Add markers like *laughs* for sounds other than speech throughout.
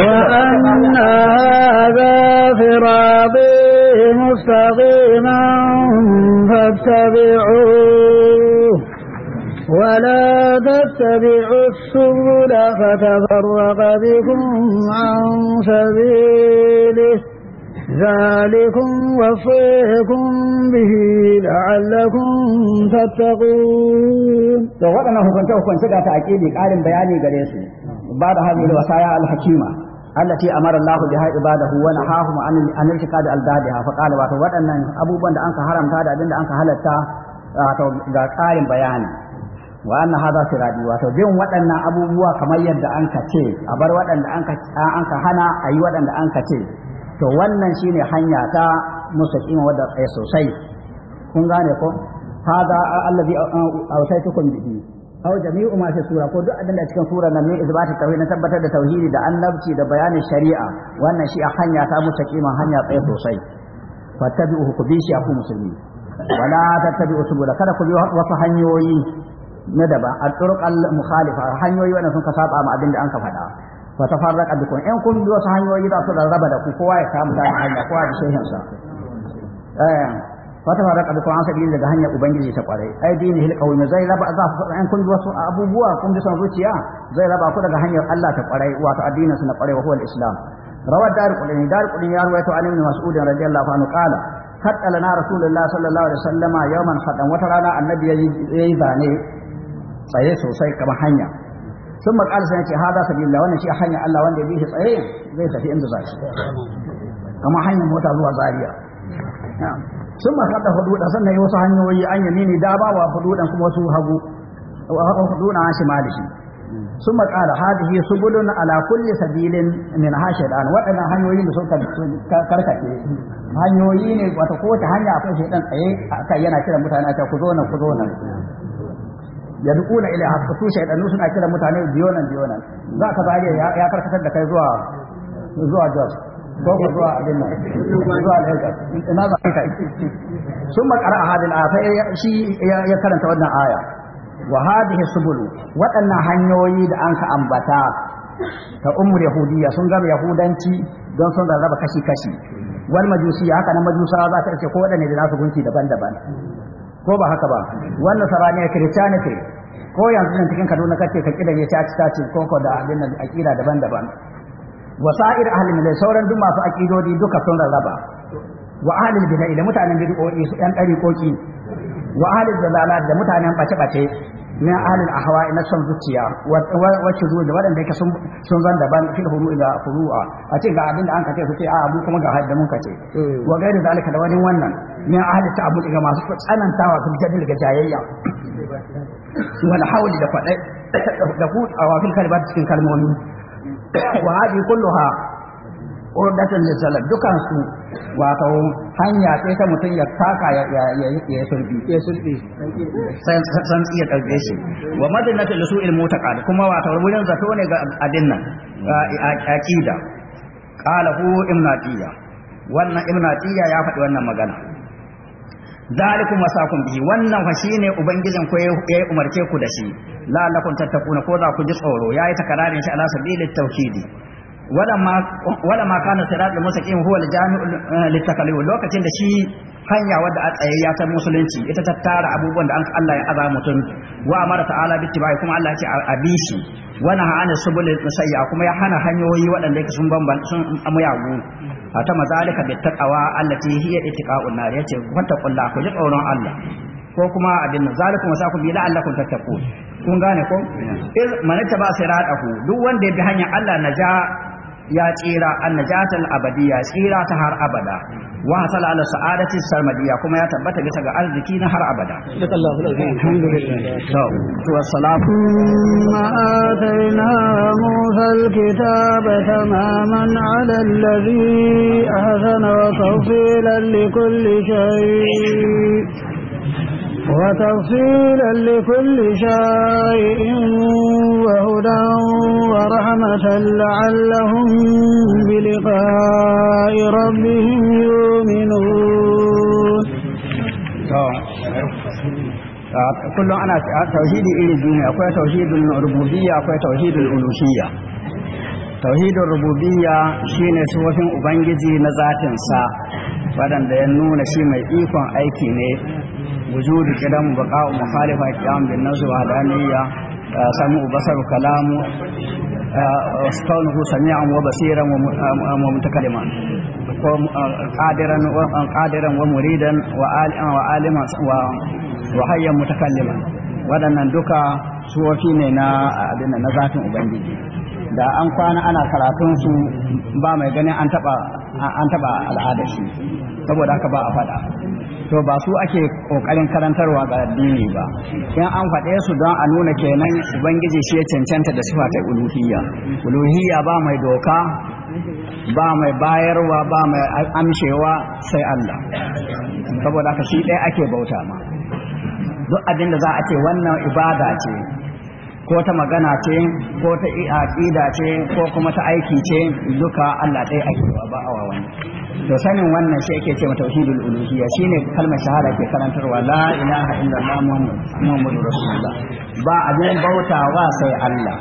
وأن هذا فراضي مستقيما فاتبعوه ولا تتبعوا السبل فتفرق بكم عن سبيله ذلكم وصيكم به لعلكم تتقون to waɗannan hukunce hukunce da ta aƙidi ƙarin bayani gare su ba da allati amara Allah biha ibadahu wa nahahum an an irtikadi aldadiha fa qala wato waɗannan abubuwan da anka haramta da abin da anka halatta ga ƙarin bayani wa anna hadha siradi wato bin waɗannan abubuwa kamar yadda anka ce a bar waɗanda anka anka hana ayi to wannan shine hanya ta mustaqima wadda tsaye sosai kun gane ko hada allazi awsaitukum bihi aw jami'u ma sura ko duk abinda cikin sura nan ne isbata tauhid na tabbatar da tauhidi da annabci da bayanin shari'a wannan shi a hanya ta mutaqima hanya tsaye sosai fattabi'uhu ku bi shi ku musulmi wala tattabi'u subula kada ku bi wasu hanyoyi na daban a turqal mukhalifa hanyoyi wannan sun ka saba ma abinda an ka faɗa fa tafarraqa bikum in kun bi wasu hanyoyi za su raba da ku kowa ya samu ta hanya kowa da shehin fata fara kadu ko an sabi daga hanyar ubangiji ta kwarai ai dini hil qawi zai raba za su fara an kun wasu abubuwa kun ji son zuciya zai raba ku daga hanyar Allah ta kwarai wato addinin su na kwarai wa huwa islam rawad dar qulani dar qulani ya ruwaito an ibn mas'ud radiyallahu anhu qala hatta lana rasulullah sallallahu alaihi wasallama yawman hadan wata rana annabi yayi zane tsaye sosai kama hanya Sun قال سنة ce سبيل الله وانا شيء حين الله وانا بيه صحيح زي سفي انت زي كما حين موتا زوا زاريا نعم sun masaka hududan sannan yi wasu hanyoyi an yi ne da ba wa hududan kuma wasu hagu hududan an shima da shi sun makala hadihi subulun ala kulli sabilin min hashidan waɗannan hanyoyi da suka karkace hanyoyi ne wata kowace hanya akwai shaidan tsaye akai yana kiran mutane ta ku zo nan ku zo nan yad'una ila hakka su shaidanu suna kiran mutane biyo nan biyo nan za ka zage ya karkatar da kai zuwa zuwa jos ko zuwa abin zuwa alhijab sun makara a hadin aya shi ya karanta wannan aya wa hadhihi waɗannan hanyoyi da an ka ambata ta umar yahudiyya sun gama yahudanci don sun rarraba kashi kashi wal majusi haka na majusawa za ta ce ko waɗanne da nasu gunki daban-daban ko ba haka ba wannan saraniya christianity ko yanzu nan cikin kaduna kace ka kida ya ci ta ci ko ko da abin nan akida daban-daban sa'ir ahli milal sauran duk masu aqidodi duka sun rarraba wa ahli bid'a da mutanen bid'o'i su yan koki wa ahli dalalat da mutanen bace-bace min ahli ahwa na son zuciya wa shuru da wadanda yake sun sun zan daban fil huru ila furu'a a ce ga abin da an kace su ce a abu kuma ga hadda mun kace hmm. wa gairi zalika da wani wannan min ahli abu ga masu tsanantawa fil jadil ga jayayya wal hawli da fadai da ku a wafin kalbar cikin kalmomi wa hadi kulluha da lisalat dukan su wato hanya sai ta mutum ya taka ya ya ya ya sulbi ya sulbi san san iya kalbe shi wa madinatu lisu'il mutaqad kuma wato wurin zato ne ga adin nan aqida qala hu ibn atiya wannan ibn atiya ya faɗi wannan magana dalikum wasakum bihi wannan fa shine ubangijin ko ya umarce ku da shi la'allakum tattaquna ko za ku ji tsoro yayi takararin shi ala sabilit tawkidi wala ma kana siratul kin huwa aljami jamiu litakallu uh, lokacin da shi hanya wadda a tsayayya ta musulunci ita ta tara abubuwan da Allah ya azama mutum wa amara ta'ala bi tibai kuma Allah ya ce a bi shi wa naha an subul musayya kuma ya hana hanyoyi waɗanda yake sun bamban sun amuyagu a ta mazalika bi taqwa allati hiya itiqa'un nar yace taqulla ku ji tsoron Allah ko kuma abin nan zalikum wasakum bi la'allakum tattaqun kun gane ko iz man taba siratahu duk wanda ya bi hanya Allah naja ya tsira annajatal abadiyya tsira ta har abada wa hasal ala sa'adati sarmadiyya kuma ya tabbata bisa ga arziki na har abada to wassalamu ma atayna musa alkitaba tamaman ala alladhi ahsana wa tawfilan likulli shay وتفصيلا لكل شيء وهدى ورحمة لعلهم بلقاء ربهم يؤمنون kullum ana tauhidi iri biyu akwai tauhidin tauhidin uluhiyya tauhidin rububiyya shine sufofin ubangiji na zatinsa waɗanda ya nuna shi mai ikon aiki ne wujudu kidan baqa'u mukhalifa qiyam bin nasu wa سمع بصر كلام كونه سميعا وبصيرا ومتكلما قادرا ومريدا وعالما وحيا متكلما waɗannan duka suwofi ne na abin na zatin da an kwana ana karatun su ba mai ganin an taba al'ada shi saboda haka ba a faɗa to ba su ake kokarin karantarwa ga addini ba in an faɗe su don a nuna kenan ubangiji shi ya cancanta da sifa ta uluhiyya uluhiyya ba mai doka ba mai bayarwa ba mai amshewa sai Allah saboda haka shi ɗaya ake bauta ma duk abin da za a ce wannan ibada ce ko ta magana ce ko ta aqida ce ko kuma ta aiki ce duka Allah ɗaya ake ba a wani to sanin wannan shi ake cewa tauhidul uluhiyya shine kalmar shahada ke karantarwa la ilaha illallah muhammadu rasulullah ba abin bautawa sai Allah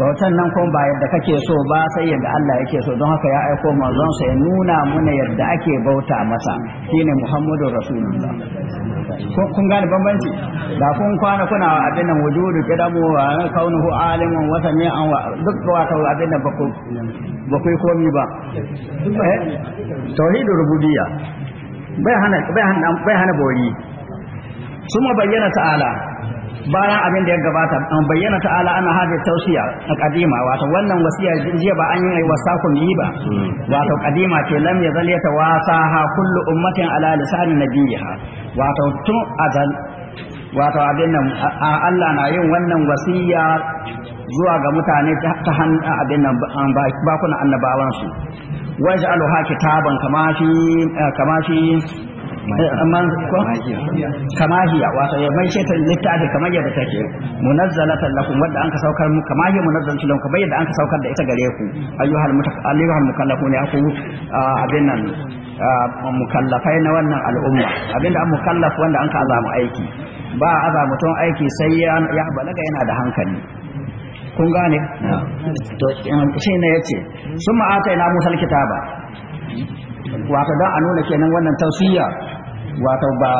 Ba bautan nan kuma ba yadda kake so ba sai yadda Allah yake so don haka ya aiko manzon sa ya nuna mana yadda ake bauta masa shine Muhammadu Rasulullah kun gane bambanci da kun kwana kuna abin nan wujudu kidamu wa kaunuhu alimun wa sami'an wa duk wato abin nan ba ku ba ku komi ba eh? tauhidur rububiyya bai hana bai hana bai hana bori suma bayyana ta'ala bayan abin da ya gabata an bayyana ta'ala ana hada tausiya a kadima wato wannan wasiya jiya ba an yi wasakun yi ba hmm. wato kadima ce lam ya ta wasa ha kullu ummatin ala lisani ha. wato tun adal wato abin nan Allah na yin wannan wasiya zuwa ga mutane ta hannun abin nan bakuna annabawansu waj'aluha kitaban kama fi eh, Eh, amma ko kamahiya wato ya mai shi littafi kamar yadda take munazzalatan lakum wadda an ka saukar mu kamahiya munazzalatan lakum kamar yadda an ka saukar da ita gare ku ayyuhal mutaqallihal mukallafun ya ku ah, abin nan ah, mukallafai na wannan al'umma abinda an mukallaf wanda an ka azamu aiki ba azamu tun aiki sai ya balaga yana da hankali kun gane to shi ne yace sun ma'ata ina musal kitaba wato don a nuna kenan wannan tausiya wato ba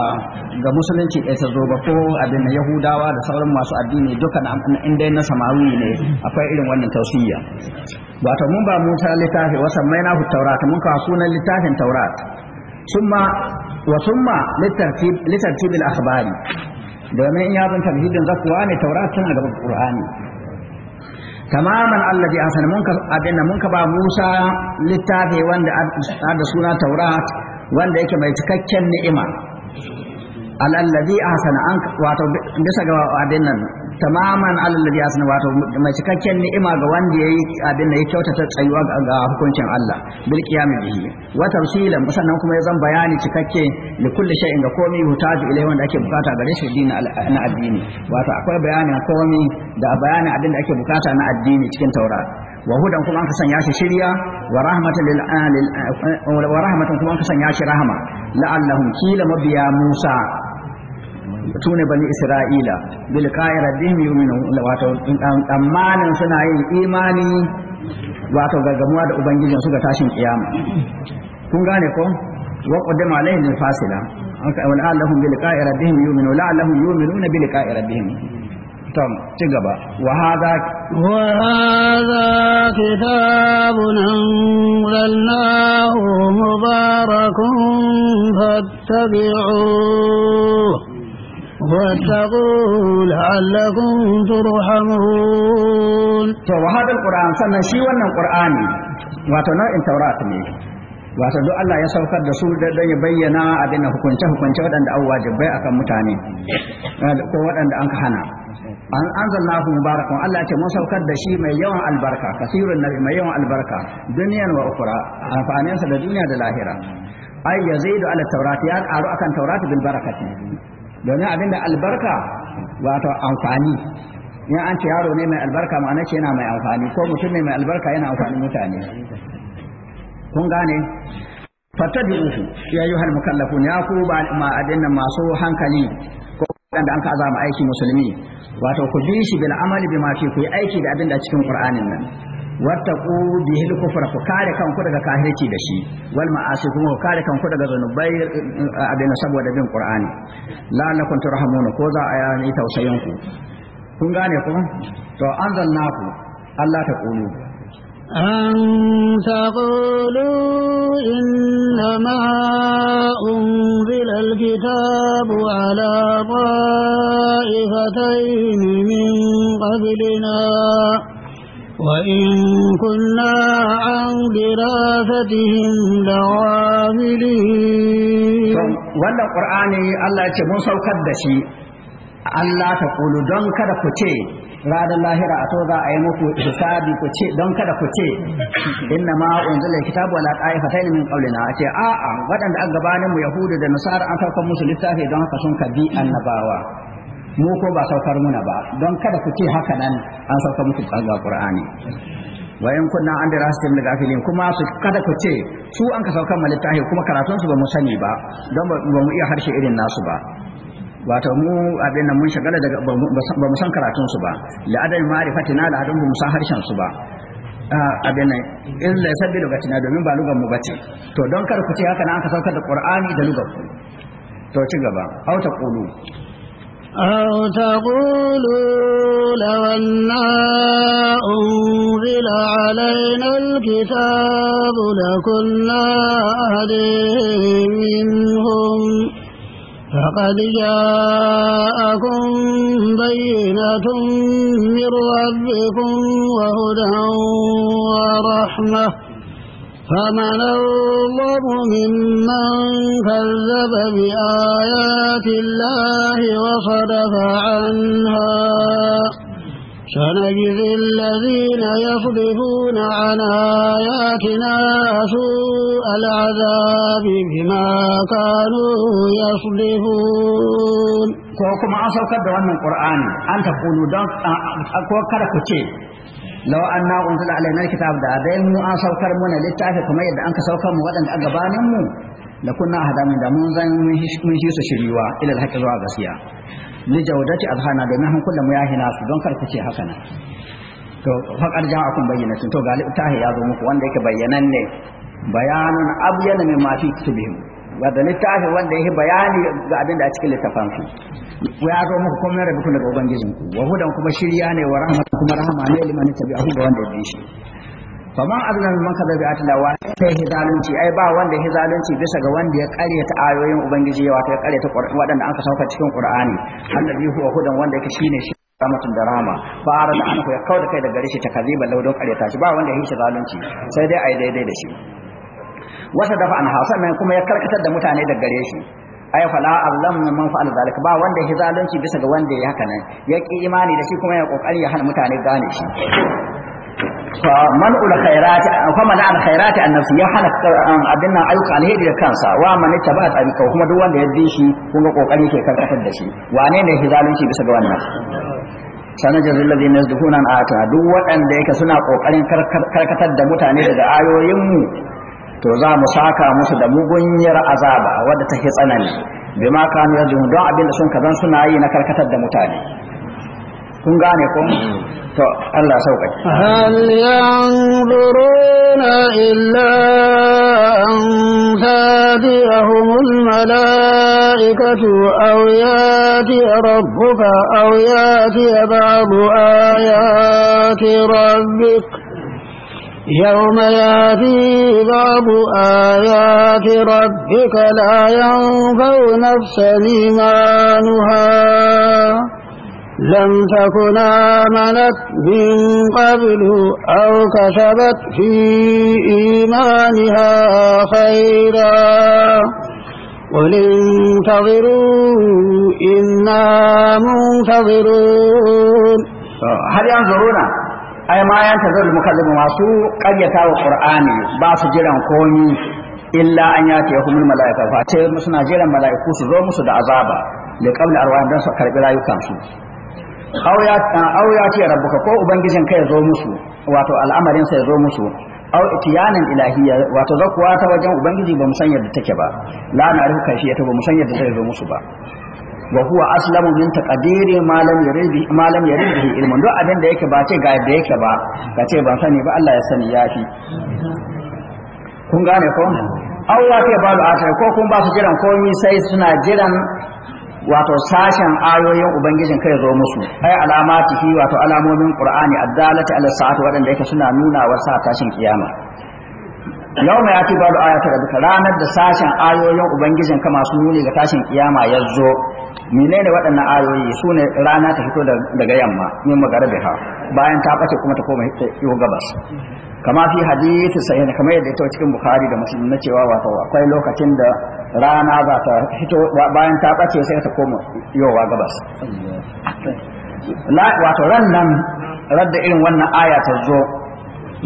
ga musulunci ɗaya ta zo ba ko abin na yahudawa da sauran masu addini duka in dai na samaru ne akwai irin wannan tausiya wato mun ba musa littafi wasan mai na taurat mun kawo sunan littafin taurat summa wa summa litartib litartib al akhbari domin in ya zan tarhibin zakuwa ne taurat tana gaban qur'ani tamaman allazi asana mun ka abin mun ka ba musa littafi wanda da suna taurat wanda yake mai cikakken ni'ima alallazi ahsana an wato bisa ga abin nan tamaman a ahsana wato mai cikakken ni'ima ga wanda yayi abin da ya kyautata tsayuwa ga hukuncin Allah bil qiyam bihi wa tafsilan sannan kuma ya zan bayani cikakke da kulli shay'in ga komai hutaju ilai wanda ake bukata gare shi dinin na addini wato akwai bayanin komai da bayanin abin da ake bukata na addini cikin taurari wa hudan kuma an ka sanya shi shirya wa rahmatan lil wa rahmatan kuma an ka sanya shi rahama la'allahum kila mabiya Musa tune bani Isra'ila bil qa'ira bihim yu'minu wato tsammanin suna yin imani wato gargamuwa da ubangijin su ga tashin kiyama kun gane ko wa qaddama alaihim fasila wal la'allahum bil qa'ira bihim yu'minu la'allahum yu'minuna bil qa'ira bihim tom ci gaba wa hadha wa hadha kitabun anzalnahu mubarakun fattabi'uhu واتقوا لعلكم ترحمون to wahadal qur'an sannan shi wannan qur'ani wato nau'in taurat ne wato duk Allah ya saukar da su don ya bayyana abin hukunce hukunce waɗanda an wajibai akan mutane eh, ko waɗanda an ka hana an anzalnahu mubarakun Allah ya ce mun saukar da shi mai yawan albarka kasirun nabi mai yawan albarka duniyan wa ukhra amfanin sa da duniya da lahira ay yazidu ala tawrati ya qaru akan tawrati bil barakati domin abinda albarka wato amfani in an ce yaro ne mai albarka ma'ana ce yana mai amfani ko mutum ne mai albarka yana amfani mutane kun gane fatabi'uhu ya yi ayyuhal mukallafun ya ku ba abin masu hankali waɗanda an ka azama aiki musulmi wato ku bi shi bil amali bi ma fi ku yi aiki da abin da cikin qur'anin nan wattaqu bihi kufra ku kare kanku daga kafirci da shi wal ma'asi kuma ku kare kanku daga zanubai abin saboda bin qur'ani la'allakum turhamuna ko za a yi tausayin ku kun gane ku to anzalnaku Allah ta kulu. أن تقولوا إنما أنزل الكتاب على طائفتين من قبلنا وإن كنا عن دراستهم لغافلين wannan ƙur'ani Allah ya ce mun saukar da shi Allah ta kulu don kada ku ce ranar lahira a za a yi muku hisabi ku ce don kada ku ce inna ma unzila kitabu ala ta'ifatayn min qawlina ce a a waɗanda an gabanin mu yahudu da nasara an saukar musu littafi don haka sun kabi annabawa mu ko ba saukar muna ba don kada ku ce haka nan an saukar muku ga qur'ani wa in kunna an su daga filin kuma su kada ku ce su an ka saukar mu littafi kuma karatun su ba mu sani ba don ba mu iya harshe irin nasu ba wato mu abin nan mun shagala daga ba mu san karatun su ba la'adar ma'rifatina da hadin mu san harshen su ba abin nan in la sabbi lugatina domin ba lugan mu bace to don kar ku ce haka na aka saukar da qur'ani da lugan ku to ci gaba aw ta qulu aw ta qulu law anna unzila alaina alkitabu lakunna ahadin minhum فقد جاءكم بينة من ربكم وهدى ورحمة فمن الله ممن كذب بآيات الله وصدف عنها سنجزي الذين يصدفون عن آياتنا سوء العذاب بما كانوا يصدفون كوكما أصل كبه من القرآن أنت كونوا دانك آه، أكوكرا كتير لو أننا أنزل علينا الكتاب دابين مو أصل كرمونا لتعفكم يد أنك سوكم وغدا أقبانا مو da kunna hada mai da mun zan mun shi su shiriwa ila haka zuwa gaskiya li jawdati azhana da nan kullum ya hina su don kar ku ce haka nan to faqad ja'akum bayyana to galib Tahi ya zo muku wanda yake bayyanan ne bayanun abyana min ma fi kutubihim wanda Tahi wanda yake bayani ga abin da a cikin littafan su ya zo muku kuma rabu daga ubangijinku wa hudan kuma shirya ne wa rahmatan kuma rahama ne liman tabi'ahu ga wanda ya bi shi faman azlan man ka da atla wa sai hizalunci ai ba wanda hizalunci bisa ga wanda ya ta ayoyin ubangiji ya wato ya qur'ani wadanda an sauka cikin qur'ani annabi huwa hudan wanda yake shine shi ramatun da rama fara da ku ya kauda kai daga rishi takaziban laudon ta shi ba wanda ya yi sai dai ai daidai da shi wasa dafa an hasa mai kuma ya karkatar da mutane daga gare shi ai la allam man fa'al zalik ba wanda hidalunci bisa ga wanda ya haka nan ya ki imani da shi kuma ya kokari ya hana mutane gane shi faman ulkhairati faman alkhairati ya hana um, abin nan ayyuka alheri da kansa wa man taba tsarika kuma duk wanda ya bi shi kun kokari ke karkatar da shi wane ne hizalunci bisa ga wannan sanar jazil ladina yazdukuna an ayatina duk waɗanda yake suna kokarin karkatar da mutane daga ayoyin mu to za mu saka musu da mugunyar azaba wadda ta tsanani bima kanu yazdun don abin da sun kaza suna yi na karkatar da mutane kun gane ko to Allah sauƙaƙe hal yanzuruna illa an tadiyahumul malaikatu aw yati rabbuka aw yati ba'du ayati rabbika يوم ياتي بعض آيات ربك لا ينفع نفسا إيمانها لم تكن آمنت من قبل أو كسبت في إيمانها خيرا قل انتظروا إنا منتظرون هل ينظرون أي ما ينتظر المكلم masu ƙaryata wa ƙur'ani ba su jiran komi illa an yata ya mala'ika fa ce suna jiran mala'iku su zo musu da azaba da qabla arwahin don su karɓi rayukansu Ah, ya ce rabbuka ko ubangijin kai ya zo musu wato al'amarin sa ya zo musu au itiyanin ilahiyya wato zakuwa ta wajen ubangiji ba musan san yadda take ba la na'rifu kayfiyata ba mu san yadda zai zo musu ba wa huwa aslamu min taqdiri Malam ya yurid ma lam ilmun duk abin da yake ba ce ga yadda yake ba ka ce ban sani ba Allah ya sani ya fi kun gane ko Allah ya ba da ko kun ba su jiran komai sai suna jiran wato sashen ayoyin ubangijin kai zo musu ai alamatihi wato alamomin qur'ani addalati ala sa'ati wadanda yake suna nuna wa sa tashin kiyama yau mai ati babu ayata rabbika ranar da sashen ayoyin ubangijin ka masu nuni ga tashin kiyama ya zo menene waɗannan ayoyi su ne rana ta fito daga yamma min ha bayan ta bace kuma ta koma yau gabas kama fi hadith sahih kamar yadda ita cikin bukhari da muslim na cewa wato akwai lokacin da rana za ta fito bayan ta bace sai ta koma yowa gabas wato ran nan radda irin wannan aya ta zo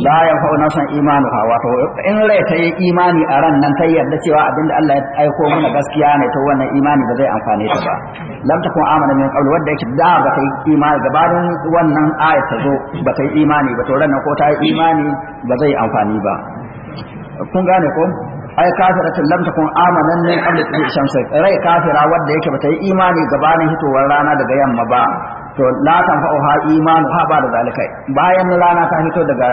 la yanfa'u nafsan imanuha wato in rai ta yi imani a ran nan ta yadda cewa abinda Allah ya aiko mana gaskiya ne to wannan imani ba zai amfane ta ba lam takun amana min qabl wanda yake da ba ta yi imani gabanin wannan aya ta zo ba ta yi imani ba to ran nan ko ta yi imani ba zai amfani ba kun gane ko ai kafiratun lam takun amanan min qabl tulu shamsi rai kafira wanda yake ba ta yi imani gabanin hitowar rana daga yamma ba to la ha imanu ha ba da zalika bayan rana ta fito daga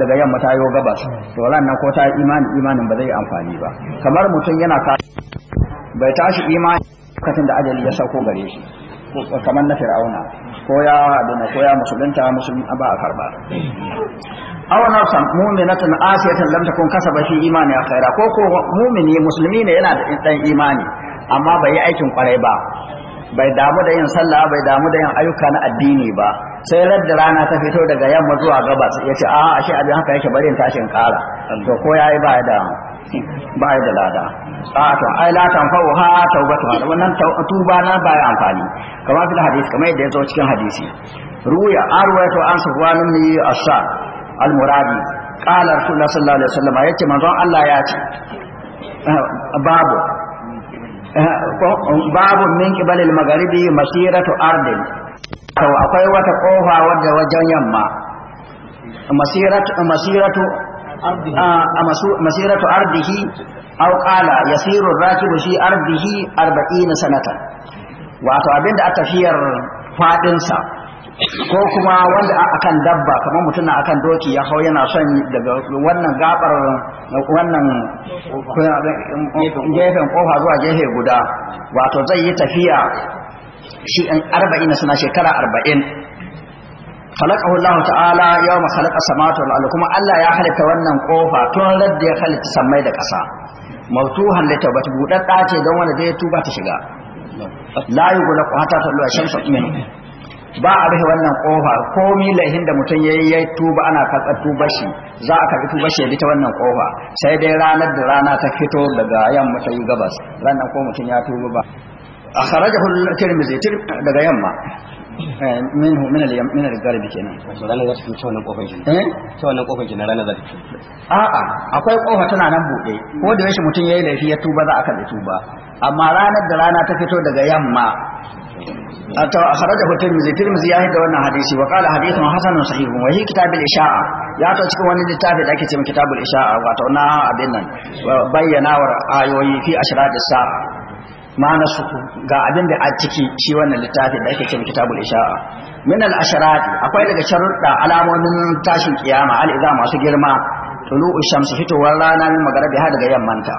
daga yamma ta yo gabas to wannan ko ta imani imanin ba zai amfani ba kamar mutum yana ka bai tashi imani lokacin da ajali ya sauko gare shi kamar na fir'auna ko ya aduna ko ya musulunta musulmi ba a karba aw nafsan mu'minatan asiyatan lam takun kasaba fi imani khaira ko ko mu'mini musulmi ne yana da dan imani amma bai yi aikin kwarai ba bai damu da yin sallah bai damu da yin ayyuka na addini ba sai radda rana ta fito daga yamma zuwa gabas ya ce a ashe abin haka yake bari in tashin kara to ko yayi ba da ba da lada a to ai la tan fa ha tawbatu wannan tuba na ba amfani kamar fil hadisi kamar yadda ya zo cikin hadisi ruya arwayatu an sufwan ibn asha al-muradi qala rasulullah sallallahu alaihi wasallam yace manzon Allah ya ce babu babu min kibalil magharibi masiratu ardin to akwai wata kofa wadda wajen yamma masiratu masiratu masiratu ardihi aw qala yasiru ar-rakibu fi ardihi 40 sanatan wato abinda a tafiyar fadin sa ko kuma wanda akan dabba kamar mutum na akan doki ya hau yana son daga wannan gabar wannan gefen kofa zuwa gefe guda wato zai yi tafiya shi in arba'in suna shekara arba'in khalaqahu Allah ta'ala yawma khalaqa samawati wal kuma Allah ya halitta wannan kofa tun radda ya halitta samai da ƙasa mautuhan li tawbati budadda ce don wanda zai tuba ta shiga la yughlaqu hatta tulu ash-shamsu min. ba a rufe wannan kofa komi laihin da mutum ya yi tuba ana katsa tuba shi za a karbi tuba shi ya bi ta wannan kofa sai dai ranar da rana ta fito daga yamma ta yi gabas ranar ko mutum ya tuba ba a kharajahu tirmidhi daga yamma eh, minhu min al-yam min al-garb kenan ranar za ta fito wannan kofar kenan eh ta wannan kofar kenan ranar za ta fito a'a akwai kofa tana nan bude ko da yashi mutum yayi laifi ya tuba za a karbi tuba amma ranar da rana ta fito daga yamma خرجه الترمذي الترمذي ياهد wannan hadisi wa qala hadithun hasanun sahihun wa hi kitab ishaa ya ta cikin wani littafi da ake cewa kitab al-isha'a wato na abin nan bayyanawar ayoyi fi ashrad as-sa'a ma'ana su ga abin da a ciki shi wannan littafi da ake cewa kitab ishaa min al-ashrad akwai daga sharuɗa alamomin tashin kiyama al-idha masu girma tulu'u shamsi fitowar rana min magarabi har daga yammanta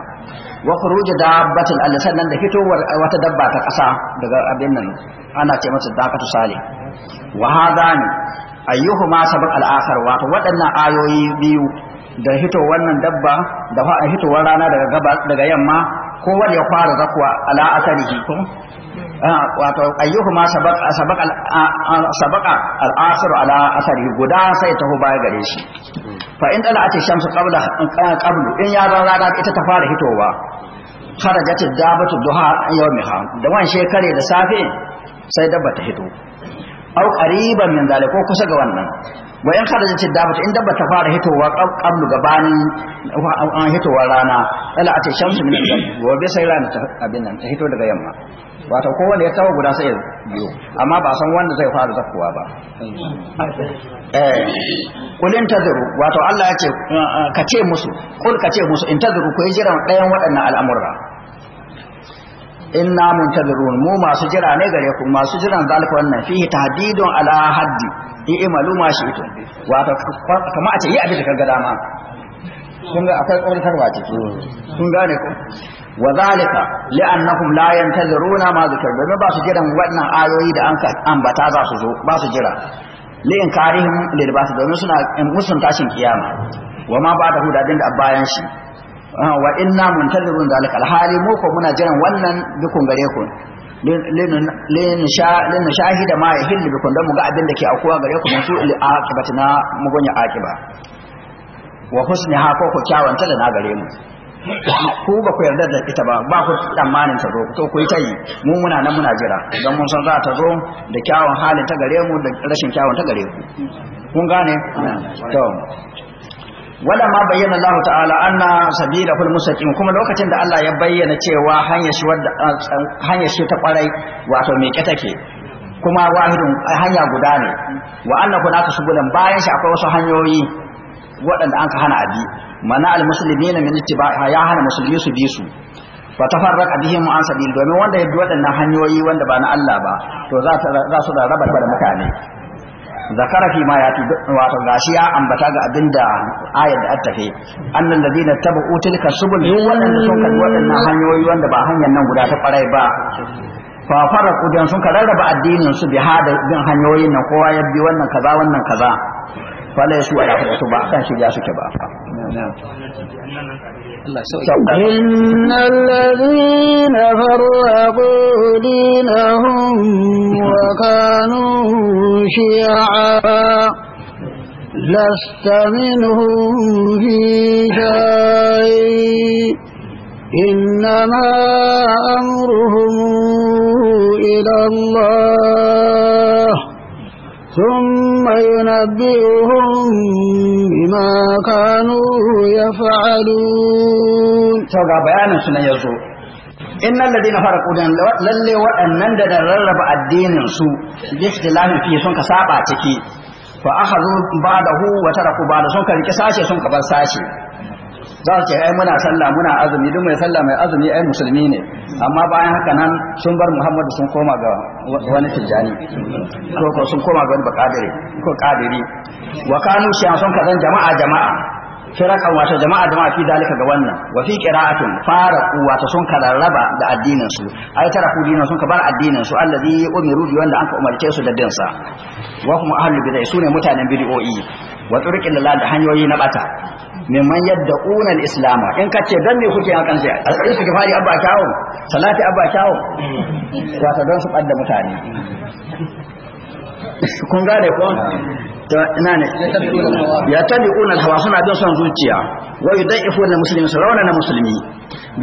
wa khuruj dabbatin Allah sannan da fitowar wata dabba ta kasa daga abin nan ana ce mata dakatu salih wa hadani ayyuhuma sabaq al-akhar wa waɗannan ayoyi biyu da hito wannan dabba da fa hito rana daga gaba daga yamma kowane ya fara zakwa ala asari kun ah, wato ayyuhu ma ah, ah, sabaka al'asiru ala asari guda sai taho baya gare shi fa in dala ati shamsu qabla in ya zan rana ita ta fara hitowa kharajat dabatu duha yawmiha da wani shekare da safe sai dabba ta hito au qariban min zalika ko kusa ga wannan wa in kharajat dabbatu in dabba ta fara hitowa qablu gabanin an uh, uh, hitowa rana ala ta shamsu min al wa bi sai rana ta abin nan ta hito daga yamma wato ko wanda ya tawo guda sai biyo amma ba san wanda zai fara zakkuwa ba eh kul intazuru wato Allah ya ce uh, ka ce musu kul ka ce musu intazuru ko jira dayan waɗannan al'amura inna muntazirun mu masu jira ne gare ku masu jiran zalika wannan fi tahdidun ala haddi i'malu ma to wato kuma a ce yi abin da kaga dama kun ga akwai tsoratarwa ce kun gane ku wa zalika li'annahum la yantaziruna ma zikr domin ba su jiran wannan ayoyi da an ambata za su zo ba su jira li'in karihim lil basu domin suna musun tashin kiyama wa ma ba da hudadin da bayan shi Ah, wa inna muntazirun zalika alhali mu ko muna jiran wannan dukun gare ku lin shahida ma ya hillu bikun don mu ga abin da ke aukuwa gare ku musu li aqibatina mu gonya aqiba wa husni ha ko ku kyawanta da na gare mu ku ba ku yarda da ita ba ba ku tsammanin ta zo to ku yi ta yi mu muna nan muna jira don mun san za ta zo da kyawun halin ta gare mu da rashin kyawun ta gare ku kun gane to ولما بين الله ta'ala أن sabida المستقيم كما لو allah ya bayyana cewa hanyar shi wadda hanyar shi ta kwarai wato me ke take kuma wahidun hanya guda ne wa annahu naka subulan bayan shi akwai wasu hanyoyi waɗanda an ka hana abi mana na min ittiba'iha ya hana musulmi su bi su fa tafarraqa bihim an sabil domin wanda ya bi waɗannan hanyoyi wanda ba na Allah ba to za su raba da mutane ذكر fi ma ya ti wato gashi ya ambata ga abinda ayar da attafe annal ladina tabu tilka subul wadanda sun wadannan hanyoyi wanda ba hanyar nan guda ta kwarai ba fa faraku dan sun ka rarraba addinin su bi hada bin hanyoyin nan kowa ya bi wannan kaza wannan kaza fa laysu ala ala ba kan shi ya suke ba Allah sauki innal ladina farraqu dinahum wa kanu shi'a لست منهم في شيء إنما أمرهم إلى الله ثم يوم ينبئهم بما كانوا يفعلون توقع بيانا سنة يزو إن الذين فرقوا للي وأنن ررب الدين سو جفت الله في سنك سابع تكي فأخذوا بعده وتركوا بعده سنك لكساشي سنك بساشي za su ce ai muna sallah muna azumi duk mai sallah mai azumi ai musulmi ne amma bayan haka nan sun bar muhammadu sun koma ga wani tijjani ko ko sun koma ga wani bakadiri ko kadiri wa kanu shi sun kazan jama'a jama'a firakan wato jama'a jama'a fi dalika ga wannan wa fi qira'atin faraqu wato sun kalarraba da addinin su ai taraku dinin sun bar addinin su allazi umiru bi wanda aka umarce su da bin sa wa kuma ahlul bid'ah sune mutanen bid'o'i wa turqil lillah da hanyoyi na bata mimman yadda unan islama in ka ce don me kuke hakan kansu a tsaye su kifari abba kyawo salati abba kyawo wata don su ɓadda mutane *laughs* kun gane ko ya tabi unan hawa suna don son zuciya wai don ifo na musulmi su rauna na musulmi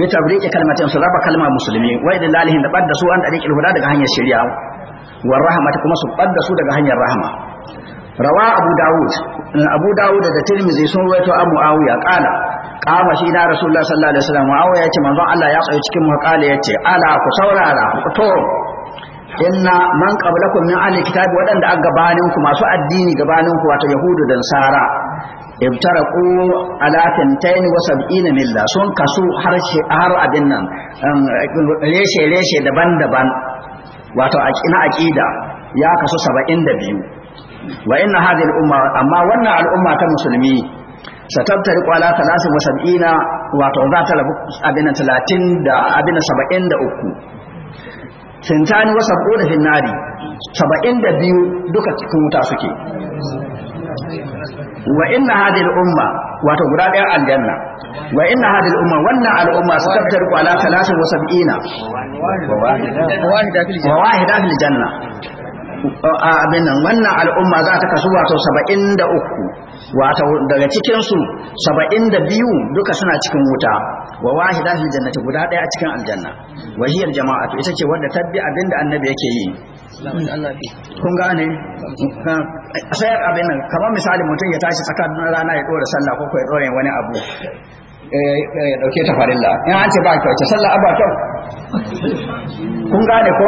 bai tabrike kalmatin su raba kalmar musulmi wai da lalihin da ɓadda su an ɗariƙin huda daga hanyar shirya wa rahama kuma su ɓadda su daga hanyar rahama rawa abu dawud abu da tirmizi sun ruwaito an muawiya qala kama shi na rasulullah sallallahu alaihi wasallam muawiya yace manzon Allah ya tsaye cikin muqala yace ala ku saurara ku to inna man qablakum min ahli kitabi wadanda an gabanin ku masu addini gabanin ku wato yahudu da nasara ibtaraqu ala tantain wa sab'ina milla sun kasu har abin nan um, reshe reshe daban-daban wato na aƙida ya kasu da biyu. wa inna hadhihi al-umma amma wannan al'umma ta musulmi satabtari qala 73 wato za ta rabu abin 30 da abin 73 sintani wa sabuna fi nari 72 duka cikin wuta suke wa inna hadhihi al-umma wato guda ɗayan aljanna wa inna hadhihi al-umma wannan al-umma satabtari qala 73 wa wahida fil janna abin nan wannan al'umma za ta kasu wato 73 wato daga cikin su 72 duka suna cikin wuta wa wahida fi jannati guda daya a cikin aljanna wa hiyar jama'atu ita ce wadda tabbi abinda annabi yake yi kun gane sai abin nan kamar misali mutum ya tashi tsakanin rana ya ɗora sallah ko ya ɗora wani abu eh, eh, ya dauke ta farilla in an ce ba kyau ce sallah ba kyau kun gane ko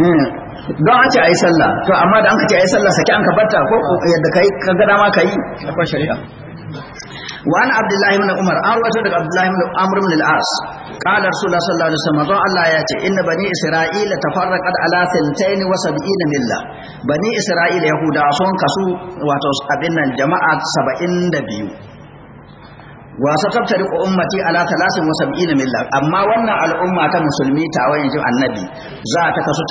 hmm. don an ce a yi sallah to amma da an ka ce a yi sallah sake an ka barta ko yadda ka yi ka gada ma ka yi akwai shari'a wa an abdullahi ibn umar an wato daga abdullahi ibn amr ibn al-as qala rasulullah sallallahu alaihi wasallam don Allah ya ce inna bani isra'ila tafarraqat ala 72 milla bani isra'ila yahuda sun kasu wato abin nan jama'a 72 wa satabtariqu ummati ala 73 milla amma wannan al'umma ta musulmi ta wayin jin annabi za ta kasu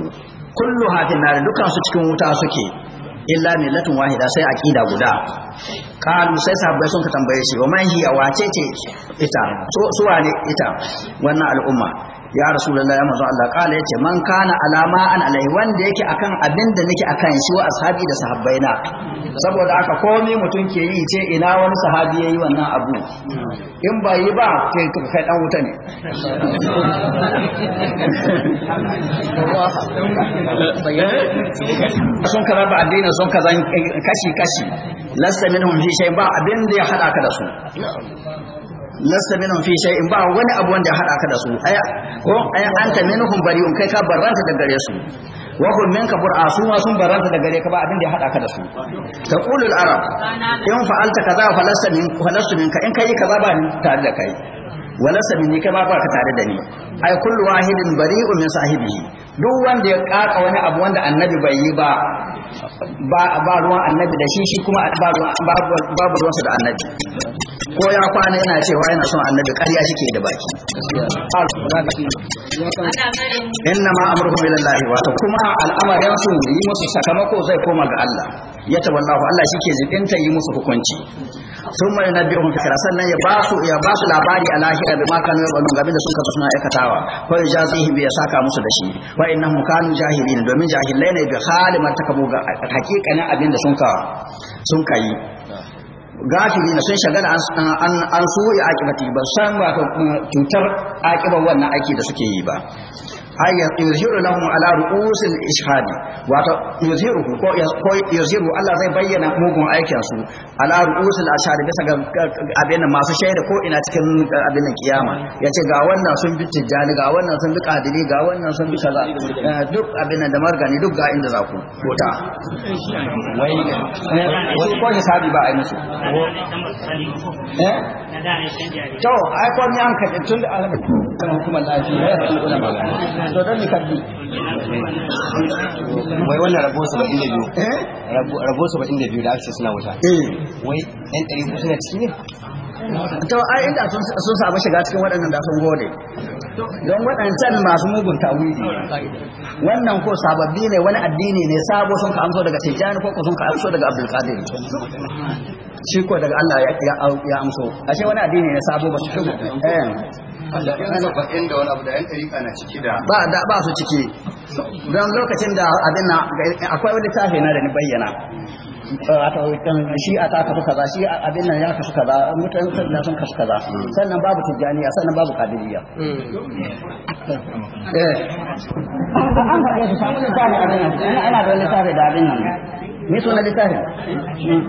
73 kullu hafi nar dukan su cikin wuta suke illa millatun wahida sai aqida guda kalu sai sahabbai sun ka tambaye shi wa man hiya wace ce ita so suwa ita wannan al'umma ya rasulullah ya mazu Allah kala yace man kana alama an alai wanda yake akan abin da nake akan shi wa ashabi da na saboda aka komi mutum ke yi ce ina wani sahabi yayi wannan abu in ba yi ba kai kai dan wuta ne sun ka ba addinin sun ka kashi kashi lasta minhum fi shay ba abin da ya haɗa ka da su lasta minhum fi shay'in ba wani abu wanda hada ka da su aya ko aya anta minhum bari'un kai ka barranta da gare su wa hum minka bur'a su ma sun barranta da gare ka ba abin da ya hada ka da su taqulu al-arab in fa'alta kaza fa lasta min fa lasta minka in kai kaza ba ni tare da kai walasa ni kai ma ba ka tare da ni ai kullu wahidin bari'un min sahibihi duk wanda ya kaka wani abu wanda annabi bai yi ba ba ruwan annabi da shi shi kuma babu sa da annabi ko ya kwana yana cewa yana son annabi ƙarya shi ke da baki inna ma amurkum ila wa ta kuma al'amarin su yi musu sakamako zai koma ga Allah ya tawallahu Allah shi ke yi musu hukunci sun mai na biyu fikira sannan ya ba su ya ba su labari a lahira da maka ne wannan gabe da sun kasu suna aikatawa ko ya jazihi bi ya saka musu da shi wa innahum kanu jahilin domin jahilai ne bi halimar takabu ga hakikanin abin da sun ka sun kai gafiri na sun shagala an so ya aƙibati ba san ba cutar aƙibar wannan aiki da suke yi ba ay yuzhiru lahum ala ru'usil ishhadi wato yuzhiru ko yuzhiru Allah zai bayyana mugun aikin su ala ru'usil ashhadi bisa ga abin masu shaida ko ina cikin abin kiyama yace ga wannan sun bi tijjani ga wannan sun bi kadili ga wannan sun bi kaza duk abin da margani duk ga inda za ku kota wai ko sabi ba ai musu eh to ai ko ni an kaje tun da alamu kan hukumar lafiya ya yi ulama to don ni kaddi wai wannan rabo 72 eh rabo 72 da ake suna wuta eh wai ɗan ɗari ko suna cikin to ai inda sun samu shiga cikin waɗannan da sun gode don waɗancan masu mugun tawili wannan ko sababbi ne wani addini ne sabo sun ka amso daga tijjani ko sun ka amso daga abdulkadir shi ko daga Allah ya amso ashe wani addini ne sabo ba su shigo eh da wani abu da yan tarika na ciki da ba da ba su ciki don lokacin da abin na akwai wani tafi na da ni bayyana eh, shi ata ka kasu kaza shi abin nan ya kasu kaza mutane sannan sun kasu kaza sannan babu tijjaniya sannan babu kadiriya hmm. eh an ga su samun littafi abin ana da wani littafi da abin nan ni sunan littafin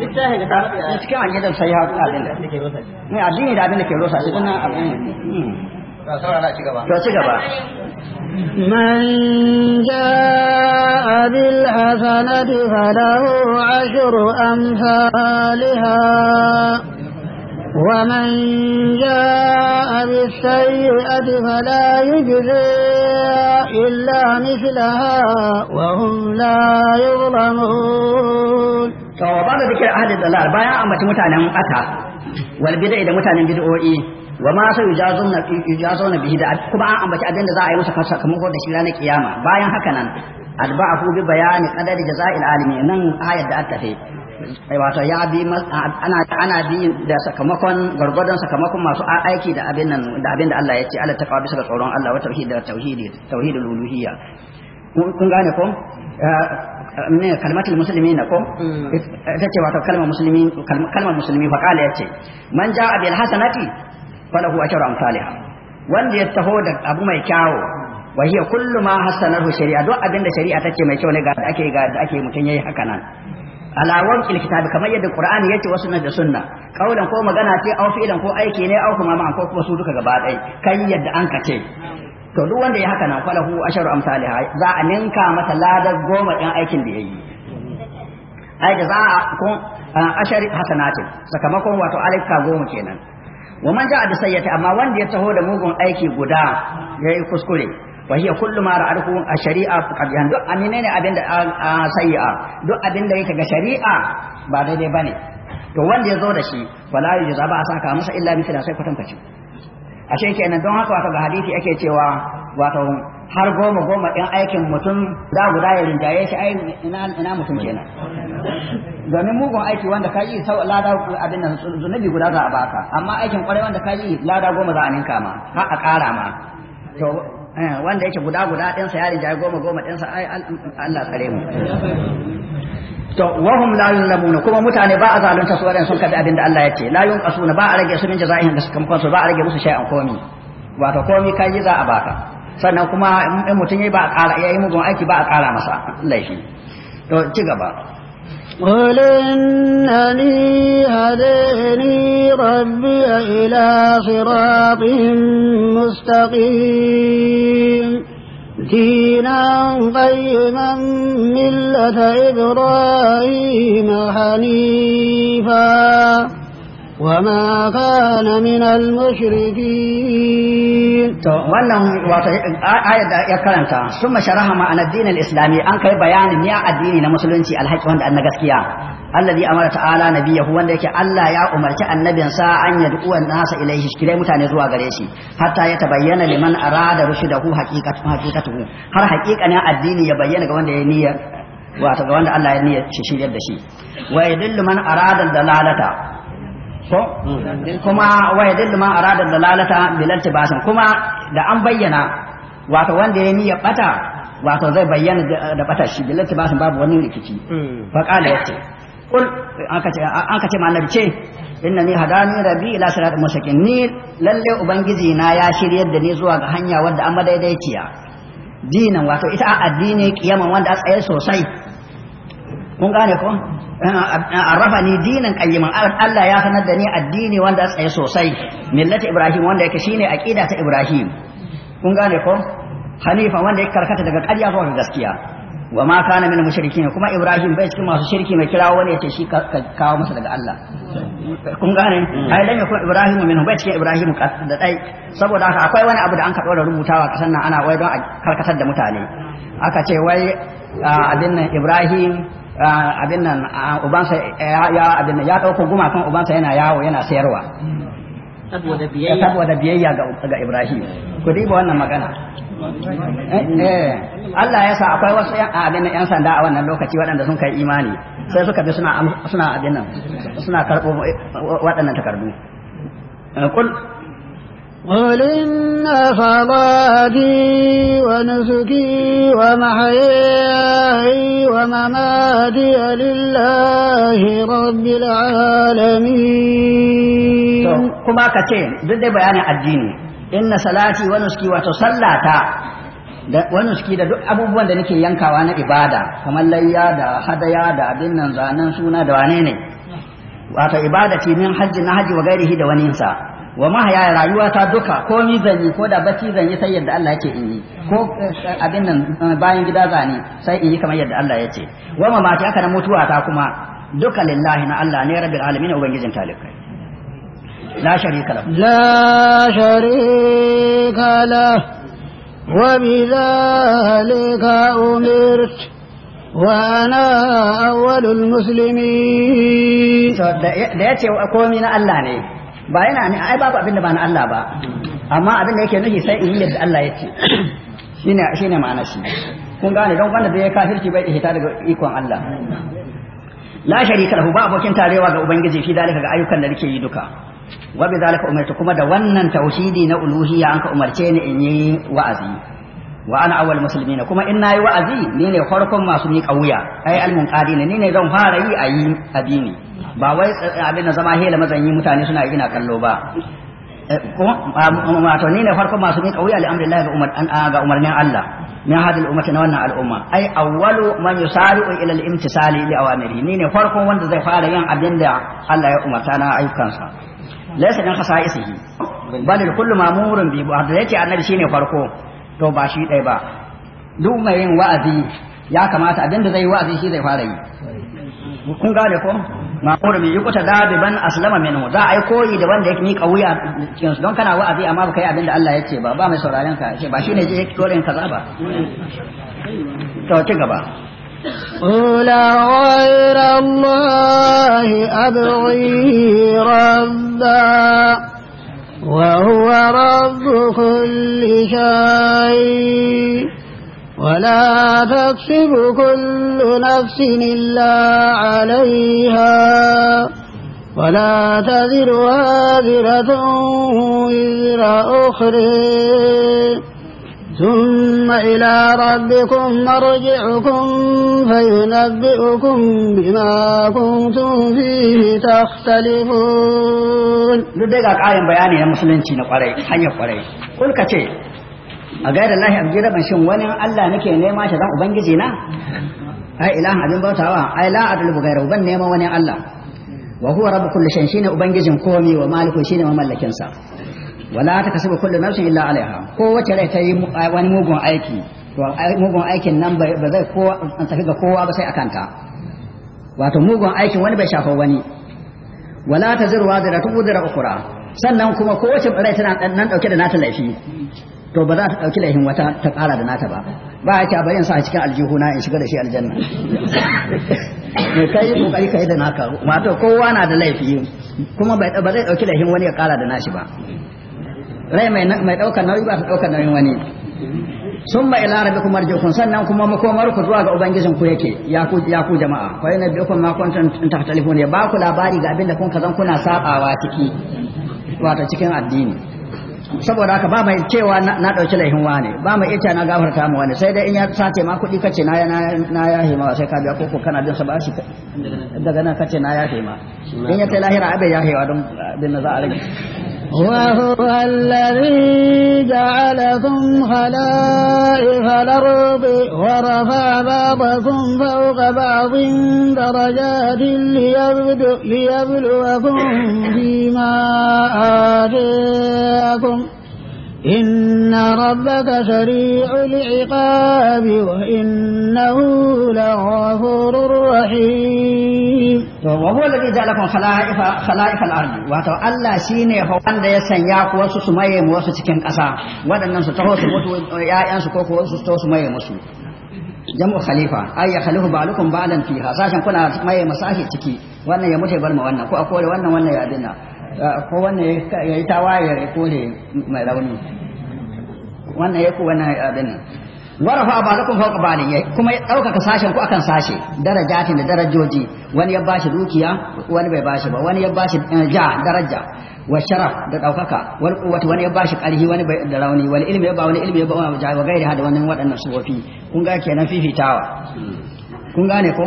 littafin da cikin aqidan sai abin da ne addini da abin da ke rosa shi sunan abin ci gaba من جاء بالحسنة فله عشر أمثالها ومن جاء بالسيئة فلا يجزى إلا مثلها وهم لا يظلمون to ba da ahli dalal bayan an bace mutanen aka, wal bid'a da mutanen bid'o'i wa ma sai yujazuna yujazuna bihi da kuma an ambaci abin da za a yi musu fasa kamar da shi ranar kiyama bayan haka nan adba'ahu bi bayani qadari jaza'il alimin nan ayat da aka tafi wato ya bi ana ana bi da sakamakon gargadon sakamakon masu aiki da abin nan da abin da Allah ya ce Allah ta kawo bisa ga tsoron Allah wa tauhid da tauhidi tauhidul uluhiyya kun gane ko ne eh, kalmatul muslimin ko mm. ita ce wato kalmar musulmi kalmar musulmi fa kala yace man jaa bil hasanati falahu ajru amsalih wanda ya taho da abu mai kyawo wa hiya kullu ma hasanahu shari'a duk da shari'a ce mai kyau ne ga ake ga ake mutun yayi haka nan alawar kitabi kamar yadda qur'ani yace wasu na da sunna kaulan ko magana ce au fi'lan ko aiki ne au kuma ma'an ko kuma su duka gaba ɗaya kan yadda an ka to duk wanda ya haka nan falahu asharu amsalih za a ninka masa ladar goma ɗin aikin da yayi ai da za a kun ashari hasanatin sakamakon wato alika goma kenan wa man ja'a bi sayyati amma wanda ya taho da mugun aiki guda yayi kuskure wa hiya kullu ma ra'atuhu a sharia qadiyan duk aminai ne abin da sayyi'a duk abin da yake ga shari'a ba daidai bane to wanda ya zo da shi wala yujza zaba a saka masa illa bi sai kwatan kwaci ashe kenan don haka wata ga hadithi ake cewa wata har goma goma ɗin aikin mutum za guda ya rinjaye shi ai ina mutum kenan domin mugun aiki wanda ka yi sau lada abin nan zunubi guda za a baka amma aikin kwarai wanda ka yi lada goma za a ninka ma har a kara ma Eh, wanda yake guda guda ɗinsa ya rinjaye goma goma ɗinsa ai Allah tsare mu to wahum la yulamuna kuma mutane ba a zalunta su sun kabi abin da Allah ya ce la yunqasuna ba a rage su min jaza'in da sukan kansu ba a rage musu shay'an komi wato komi ka yi za a baka sannan kuma in mutum yayi ba a ƙara yayi mugun aiki ba a ƙara masa laifi to ci gaba قل إنني ربي إلى صراط مستقيم دينا قيما ملة إبراهيم حنيفاً وما كان من المشركين wannan wato ayar da ya karanta sun sharaha ma'anar dinin islami an kai bayanin ya addini na musulunci alhaki wanda an na gaskiya alladhi amara ta'ala nabiyahu wanda yake Allah ya umarci annabinsa an yad'u an-nasa ilayhi shikire mutane zuwa gare shi hatta ya tabayyana liman arada rushdahu haqiqatu har haqiqanin addini ya bayyana ga wanda ya niyyar wato ga wanda Allah ya shi shiryar da shi wa yadullu man arada dalalata ko kuma wa yadillu ma arada dalalata bil iltibasin kuma da an bayyana wato wanda ya niyya bata wato zai bayyana da bata shi bil iltibasin babu wani rikici hmm. fa qala yace kul an ka ce ma ce inna ni hadani rabbi ila sirat mustaqim ni lalle ubangiji na ya shiryar da ni zuwa ga hanya wadda an madaidaiciya dinan wato ita addini kiyaman wanda a tsaye sosai kun gane ko rafa ni dinan qayyiman Allah ya sanar da ni addini wanda tsaye sosai millati ibrahim wanda yake shine aqida ta ibrahim kun gane ko hanifa wanda yake karkata daga ƙarya zuwa ga gaskiya wa ma kana min mushrikin kuma ibrahim bai cikin masu shirki mai kirawo wani yace shi kawo masa daga Allah kun gane mm. ai dan yakun ibrahim min bai cikin ibrahim da dai saboda haka akwai wani abu da an ka dora rubutawa kasan nan ana wai don a karkatar da mutane aka ce wai abin nan ibrahim abin nan ubansa ya abin ya dauko gumakan ubansa yana yawo yana sayarwa saboda biyayya saboda biyayya ga Ibrahim ku diba wannan magana eh, eh. Allah ya sa akwai wasu yan abin yan sanda a wannan lokaci waɗanda sun kai imani sai suka bi suna suna abin nan suna karɓo waɗannan takardu qul eh, قل إن صلاتي ونسكي ومحياي ومماتي لله رب العالمين كما كتين ضد بيان الدين إن صلاتي ونسكي وتصلاتا wani suke da duk abubuwan da nake yankawa na ibada kamar layya da hadaya da abin nan zanen suna da wane ne wato ibada ce min hajji na hajji wa gairihi da waninsa wa mahaya rayuwa ta duka ko ni zan yi ko da bacci zan yi sai yadda Allah yake in yi ko eh, abin nan eh, bayan gida zane sai in yi kamar yadda Allah ya ce wa mace aka na mutuwa ta kuma duka lillahi na Allah ne rabbil alamin ubangijin talibai la sharika la sharika la wa bidhalika wa ana awwalul muslimin da yace komai na Allah ne ba yana ne ai babu abin da ba na Allah ba amma abin da yake nufi sai in yi yadda Allah ya ce shine shine ma'ana shi kun gane don wanda zai kafirci bai ihita daga ikon Allah la sharika lahu ba abokin tarewa ga ubangiji fi dalika ga ayyukan da nake yi duka wa bi dalika umirtu kuma da wannan tauhidi na uluhiyya an ka umarce ni in yi wa'azi wa ana awal musulmina kuma in nayi wa'azi ni ne farkon masu miƙa wuya ai almun qadina ni ne zan fara yi a yi addini ba wai eh, abin da zama hela mazan yi mutane suna gina kallo ba eh, ah, wato ni ne farkon masu miƙa wuya al'amri Allah ga umar an ah, ga umarnin Allah min hadal ummati na wannan al'umma ai awwalu man yusari'u ila al-imtisali li awamiri ni ne farkon wanda zai fara yin abin da Allah ya umarta na ayyukansa laysa min khasa'isihi bal kullu ma'murun bi ba da yake annabi shine farko to ba shi ɗaya ba duk mai yin wa'azi ya kamata abinda zai wa'azi shi zai fara yi kun gane ko ma'amur mai yukuta aslama minhu za a yi koyi da wanda yake mika wuya cikin don kana wa'azi amma baka yi abinda Allah ya ce ba ba mai sauraren ka ce ba shine je korin kaza ba to ci gaba قل غير الله أبغي ربا وهو رب كل شيء ولا تكسب كل نفس إلا عليها ولا تذر وازرة وزر أخرين ثم إلى ربكم مرجعكم فينبئكم بما كنتم فيه تختلفون لديك قائم بياني يا مسلمين قرأي حي قرأي قل كتير a gaira lahi a jira ban shin wani Allah nake nema shi dan ai ilahan abin bautawa ai la adlubu gaira ban nema wani Allah wa huwa rabb kulli shay'in shine ubangijin komai wa maliku shine mamallakin wala ta kasaba kullu nafsin illa alaiha ko wace rai ta yi wani mugun aiki to mugun aikin nan ba zai kowa an tafi ga kowa ba sai akan ta wato mugun aikin wani bai shafa wani wala ta zirwa da ta udura ukura sannan kuma ko wace rai tana nan dauke da nata laifi to ba za ta dauki laifin wata ta kara da nata ba ba a ba yin sa cikin aljihuna in shiga da shi aljanna mai kai kokari kai da naka wato kowa na da laifi kuma ba zai dauki laifin wani ya kara da nashi ba rai mai mai daukar nauyi ba ta daukar nauyin wani ba ila rabbikum marji'ukum sannan kuma makomar ku zuwa ga ubangijin ku yake ya ku ya ku jama'a fa yana bikum ma ta telefon ya ba ku labari ga abin da kun kazan kuna sabawa ciki wato cikin addini saboda haka ba mai cewa na dauki laifin wane ba mai ita na gafarta mu wane sai dai in ya sace ma kuɗi kace na na ya hima sai ka biya koko kana bin sa ba shi daga nan kace na ya hima in ya ta lahira abai ya hewa don din za a rage وهو الذي جعلكم خلائف الأرض ورفع بعضكم فوق بعض درجات ليبلوكم فيما آتيكم إن ربك سريع العقاب وإنه لغفور رحيم وهو الذي جعلكم خلائف خلائف الأرض وهو الله سيني هو أن يسن كوسو سمية موسو تكن قصا ودن نسو تهو سموت يا أنسو كوكو سو سمية موسو jamu khalifa ai ya khalifu ba'lukum ba'lan fiha sashen kuna mai masahi ciki wannan ya mutu bar ma وأن ko ko wannan ya yi tawaye ya kore mai rauni wannan ya ku wannan abin nan warafa ba da kun ba ne kuma ya ɗaukaka sashen ku akan sashe darajatin da darajoji wani ya bashi dukiya wani bai bashi ba wani ya bashi eh, ja daraja wa sharaf da ɗaukaka wal quwwati wani ya bashi ƙarfi wani bai da rauni wal ilmi ya ba wani ilmi ya ba wani ja wa gairi hada wannan wadannan sufofi kun ga kenan fifitawa kun gane ko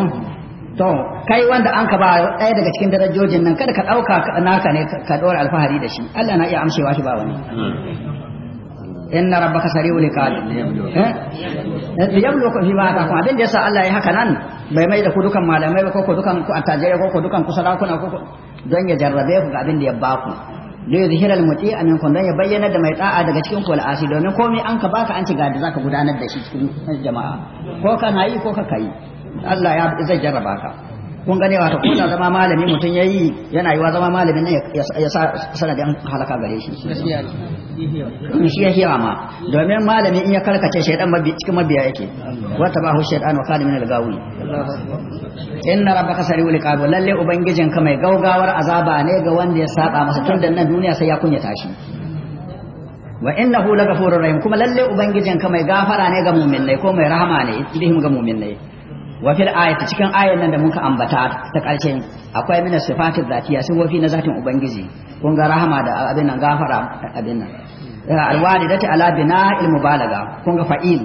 to kai wanda an ka ba ɗaya daga cikin darajojin nan kada ka ɗauka naka ne ka ɗora alfahari da shi Allah na iya amshewa shi ba wani inna rabbaka sari'ul iqab eh, eh yabluku fi ta kuma abin da yasa Allah ya haka nan bai mai da ku dukan malamai ba ko ku dukan ku ko ku dukan ku sarakuna ko don ya jarrabe ku ga abin da ya ba ku da ya zihira a don ya bayyana da mai da'a daga cikin ku al'asi domin komai an ka baka an ci ga da zaka gudanar da shi cikin jama'a ko ka na yi ko ka kai Allah ya zai jarraba ka kun gane wata ko da zama malami mutum ya yi yana yiwa zama malamin ne ya sa sanadin halaka gare shi shi ya hiya ma domin malami in ya karkace shaidan cikin mabiya yake wata ba hu shaidan wa kana min al-gawi inna rabbaka wuli iqab lalle ubangijin ka mai gaugawar azaba ne ga wanda ya saba masa tun da nan duniya sai ya kunya tashi wa innahu lagafurur rahim kuma lalle ubangijin ka mai gafara ne ga mu'minai ko mai rahama ne idihim ga mu'minai wa fil cikin ayan nan da muka ambata ta karshe akwai mina sifatil zatiya sifofi na zatin ubangiji kun ga rahama da abin nan gafara abin nan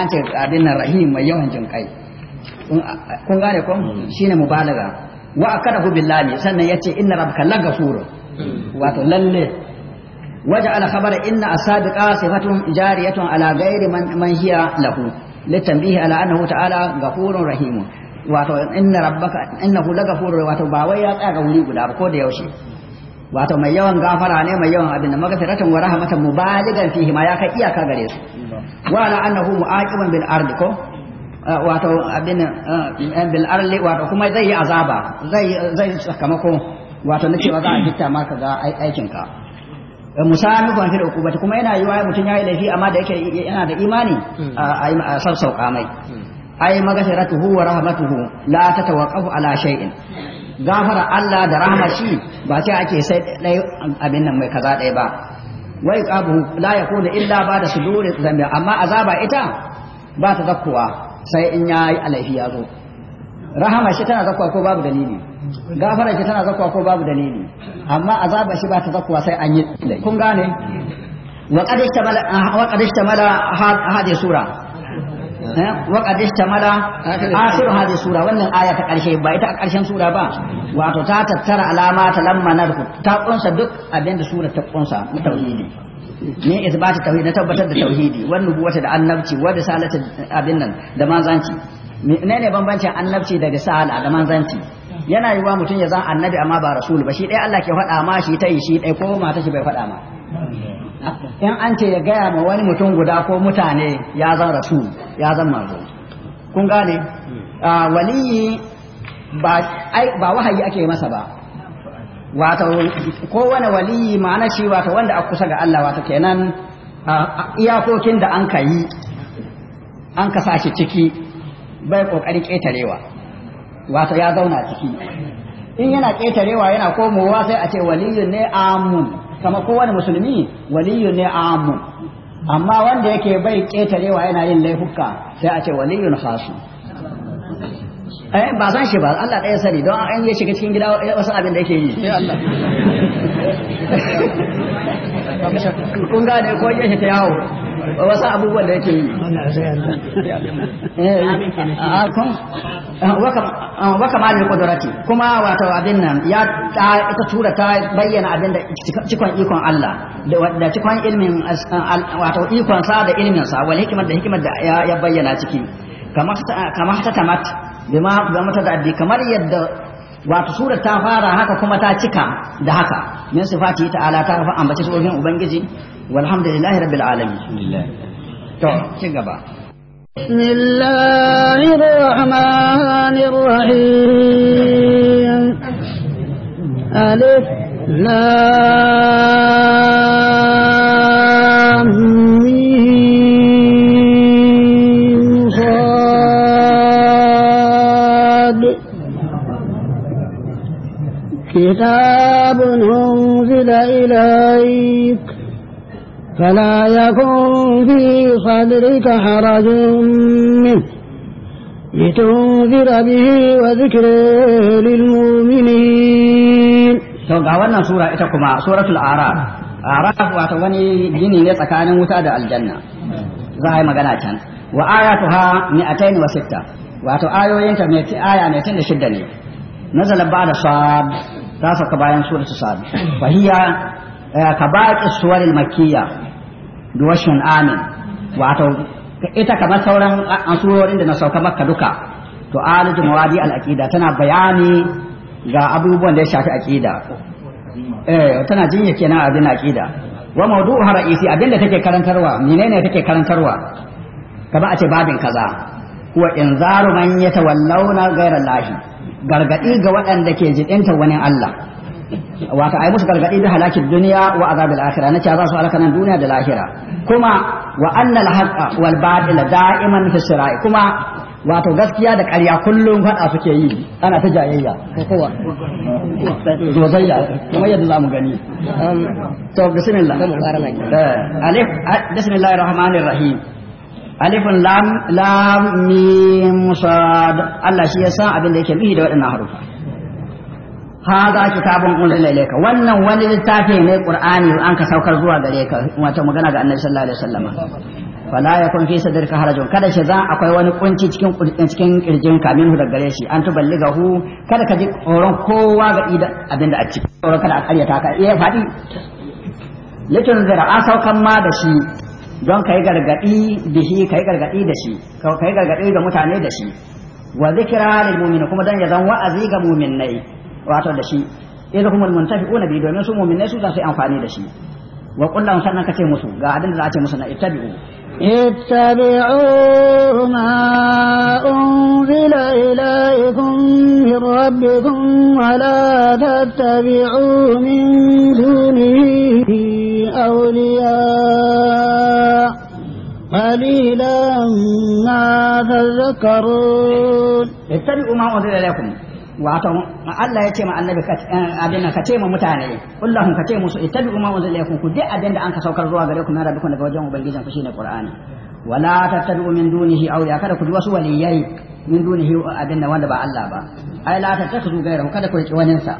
an ce abin rahim mai yawan jin kai kun gane ko shine mubalaga wa akadahu billahi sannan yace inna rabbaka lagafur wato lalle waja ala khabara inna asabiqa sifatun jariyatun ala ghairi man hiya lahu litanbihi ala annahu ta'ala ghafurun rahimun wato inna rabbaka innahu laghafurun wato ba wai ya tsaya wuri guda ba ko da yaushe wato mai yawan gafara ne mai yawan abin da magfiratan wa rahmatan mubaligan fihi ma ya kai iyaka gare su wa ala annahu mu'aqiban bil ardi ko wato abin bil arli wato kuma zai yi azaba zai zai sakamako wato nace za a gitta maka ga aikin ka Musami da uqubati kuma yana yiwa mutum ya yi laifi amma da yake yana da imani hmm. a sassauka mai hmm. ai maghfiratuhu wa rahmatuhu la tatawaqqafu ala shay'in gafara Allah da rahmashi ba sai ake sai dai abin nan mai kaza dai ba wai qabu la yakunu illa ba da suduri zambi amma azaba ita ba ta zakkuwa sai in yayi alaifi ya zo rahama shi tana zakwa ko babu dalili gafara shi tana zakwa ko babu dalili amma azaba shi ba ta zakwa sai an yi kun gane wa qad ishtamala wa qad ishtamala sura eh? wa qad ishtamala akhir hadi sura wannan aya ta karshe ba ita a karshen sura ba wato ta tattara alama ta lamma narku ta kunsa duk abinda sura ta kunsa na tauhidi ne isbatu tauhidi na tabbatar da tauhidi wannan buwata da annabci wa da salatu abin nan da manzanci menene bambancin annabci da risala da manzanci yana yiwa mutum ya zan annabi amma ba rasul ba shi ɗaya Allah ke faɗa ma shi ta yi shi ɗaya ko mata shi bai faɗa ma in an ce ya gaya ma wani mutum guda ko mutane ya zan rasul ya zan manzo kun gane waliyi ba wahayi ake masa ba wato kowane waliyi ma'ana shi wato wanda a kusa ga Allah wato kenan iyakokin da an ka yi an ka sa shi ciki bai kokarin ƙetarewa wato ya zauna ciki in yana ƙetarewa yana komowa sai a ce waliyun ne amun kama kowane musulmi waliyun ne amun amma wanda yake bai ƙetarewa yana yin laifuka sai a ce waliyun hasu eh, ba san shi ba Allah ɗaya sani don an yi shiga cikin gida eh, wasu abin da yake yi *laughs* kun gane ko yake ta yawo wasu abubuwan da yake yi eh, ah, ah, waka ah, malin kudurati kuma wato abin nan ya ita tura ta bayyana abin da cikon ikon Allah da cikon ilmin wato ikon sa da ilmin sa wal hikimar da hikimar da ya bayyana ciki kamar ta tamat bima bima ta da kamar yadda wato surar ta fara haka kuma ta cika da haka min sifati ta'ala ta fa ambace sojin ubangiji walhamdulillahi rabbil alamin to ci gaba بسم الله الرحمن الرحيم ألف لام كتاب أنزل إليك فلا يكن في صدرك حرج منه لتنذر به وذكر للمؤمنين to ga wannan sura ita kuma suratul araf araf wato wani gini ne tsakanin wuta da aljanna za a yi magana can wa ayatuha mi'atain wa sitta wato ayoyinta mai aya mai shidda ne nazala ba'da sad ta ka bayan suratu ka ba hiya kabaqis eh, suwaril da washin amin wato ita kamar sauran asurorin da na sauka makka duka to alijin mawadi al tana bayani ga abubuwan da ya shafi aqida eh tana jinya kenan abin aqida wa isi abin abinda take karantarwa menene take karantarwa kamar a ce babin kaza in zaru man yatawallawna ghayra lahi Gargaɗi ga waɗanda ke jiɗinta wani Allah wata ai musu gargadi da halakin duniya wa azabil akhirah nace za su halaka nan duniya da lahira kuma wa anna al haqqa wal batila da'iman fi sirai kuma wato gaskiya da ƙarya kullum faɗa suke yi ana ta jayayya kowa zozayya kuma yadda za mu gani um, to bismillah eh, alif bismillahir rahmanir rahim alifin lam mim sad Allah shi ya san abin da yake bi da waɗannan harufa hada kitabun unzila ilayka wannan wani littafi ne qur'ani an ka saukar zuwa gare ka wato magana ga annabi sallallahu alaihi wasallam fala yakun fi sadrika harajun kada shi za akwai wani kunci cikin cikin kirjin ka minhu daga gare shi an tuballigahu kada ka ji tsoron kowa ga idan abin da a ci tsoron kada a karyata ka eh fadi litun zira a saukan ma da shi don kai gargaɗi da shi kai gargaɗi da shi kai gargaɗi ga mutane da shi wa zikira lil mu'min kuma dan ya zan wa'azi ga mu'minnai wato da shi idan kuma muntafiquna bi domin su mu'minnai su za su amfani da shi wa qul lahum sannan ce musu ga adin da za a ce musu na ittabi'u اتبعوا ما أنزل إليكم من ربكم ولا تتبعوا من دونه أولياء قليلا ما تذكرون اتبعوا ما أنزل إليكم wato Allah ya ce ma annabi eh, abin nan ka ce ma mutane kullahum ka ce musu ittabi'u ma unzila ilaykum ku duk abin da an ka saukar zuwa gare ku na rabbikum daga wajen ubangijin ku shine qur'ani wala tattabi'u min dunihi aw ya kada ku ji wasu waliyai min dunihi abin nan wanda ba Allah ba ai la tattakhudhu ghayrahu kada ku riƙi wanin sa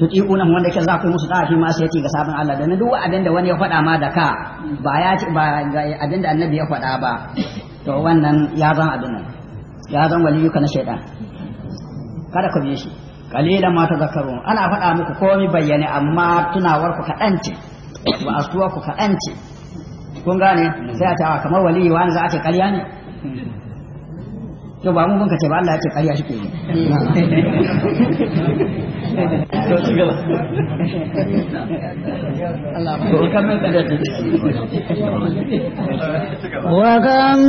tuti'una wanda yake za ku musu dafi ma sai yace ga sabon Allah da duk abin da wani ya faɗa ma da ka ba ya ci ba abin da annabi ya faɗa ba to wannan ya zan abin nan ya zan waliyuka na shaytan kada ka bi shi kalila ma zakaru ana faɗa muku komai bayyane amma tunawar ku kaɗan ce ba asuwa ku kaɗan ce kun gane sai a ce ah, kamar waliyu wani za a ce ne to ba mu mun kace ba Allah ya ce ƙarya shi ke yi to ci gaba Allah ko kan mai da wa kam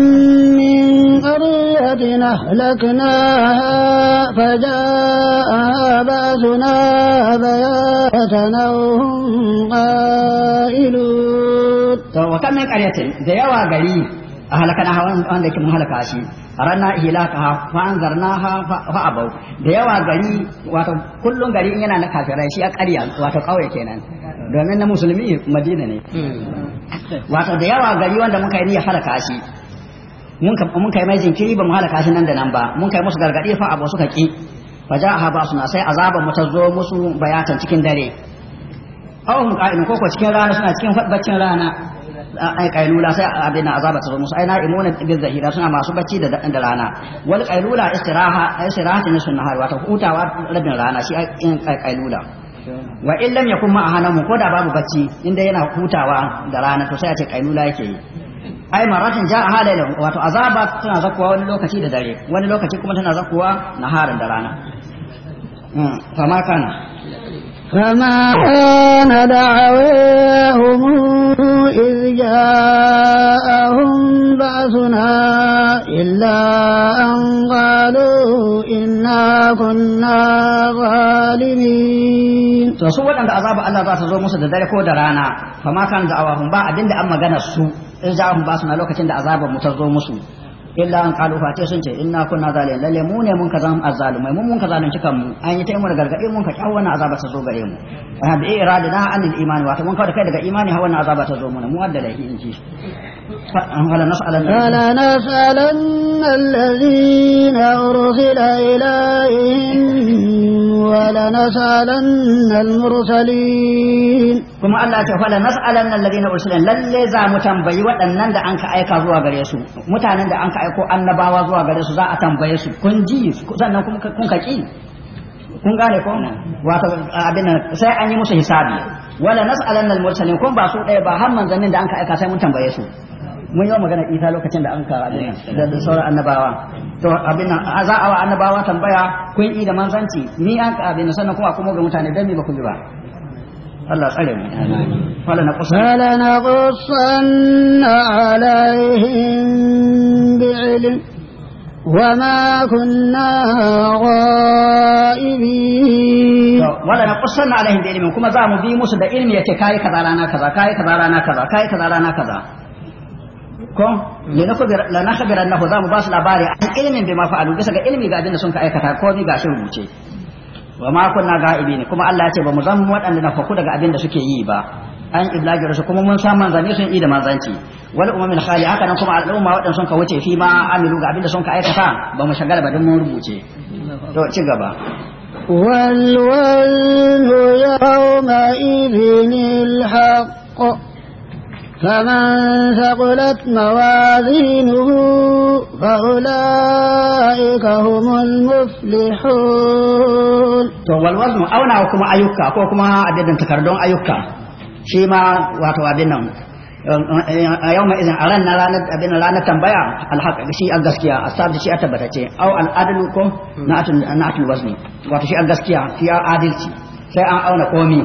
min qaryatin ahlakna fajaa ba'suna bayatan hum qailun to wa kam min qaryatin da yawa gari ahalakanaha wanda yake mun halaka shi ranna ha fa ha fa abau da yawa gari wato kullun gari in yana na kafirai shi a ƙarya wato kauye kenan domin na musulmi madina ne hmm. wato da yawa gari wanda muka yi niyyar halaka shi mun kai mai jinkiri ba mu halaka shi nan da nan ba mun kai musu gargaɗi fa abau suka ki fa ha ba suna sai azaban mu ta zo musu bayatan cikin dare awon ka'inu koko cikin rana suna cikin baccin rana ai kailula sai abin na azaba ta musu ai na'imuna bil zahira suna masu bacci da da rana wal kailula istiraha istirahatun sunnahar wato hutawa rabin rana shi in kailula wa in lam yakun ma'a hanamu ko da babu bacci inda yana hutawa da rana to sai a ce kailula yake yi ai maratin ja halalan wato azaba tana zakuwa wani lokaci da dare wani lokaci kuma tana zakuwa naharin da rana hmm, fama kana فما كان دعواهم إذ جاءهم بأسنا إلا أن قالوا إنا كنا ظالمين to su waɗanda azaba Allah za ta zo musu da dare ko da rana fa ma kan da'awahum ba abinda an magana su in ja'ahum ba suna lokacin da azabar mu ta zo musu illa an qalu fa sun ce inna kunna zalimin lalle mu ne mun ka zama azzalumai mun mun ka zalunci kanmu an yi ta mu gargade mun ka kyawun azaba ta zo gare mu ha bi iradina an al imani wato mun kawo kai daga imani ha wannan azaba ta zo mana mu wadda laifi in ji فلا نسألن الذين أرسل إليهم ولنسألن المرسلين كما الله تعالى فلنسألن الذين أرسلن للي زامتن بي ودنن da anka aika zuwa gare su mutanen da aiko annabawa zuwa gare su za a tambaye su kun ji sannan kun kaki kun gane ko wato abin nan sai an yi musu hisabi wala nas'alanna al-mursalin kun ba su ɗaya ba har manzannin da an ka aika sai mun tambaye su mun yi magana isa lokacin da an kara da sauran annabawa to abin nan za a wa annabawa tambaya kun yi da manzanci ni an ka abin sannan kuma kuma ga mutane dan me ba ku bi ba Allah tsare mu na qusa fala na qusanna alaihim bi'ilm wa ma kunna ghaibin wala na qusanna alaihim bi'ilm kuma za mu bi musu da ilmi yace kai kaza rana kaza kai kaza rana kaza kai kaza rana kaza ko ne na kubira la na khabira annahu za mu basu labari ilmin bima fa'alu bisa ga ilmi ga abinda sun ka aikata ko ni ga shi rubuce wa ma kunna ga'ibin kuma Allah ya ce ba mu zan waɗanda na faku daga abin da suke yi ba an iblagi rasu kuma mun san manzanni sun yi da manzanci wal ummin khali haka nan kuma al'umma waɗanda sun ka wuce fi ma amilu ga abin da sun ka aikata ba mu shagala ba don mun rubuce to ci gaba yauma يومئذ الحق فمن ثقلت موازينه فأولئك هم المفلحون to walwazmu auna kuma ayyuka ko kuma adadin takardun ayyuka shi ma wato abin nan eh, yau mai a ran na tambaya alhaq shi a gaskiya a sabu shi a tabbatace au al'adalu ko na atul wazni wato shi a gaskiya shi a adalci sai an auna komi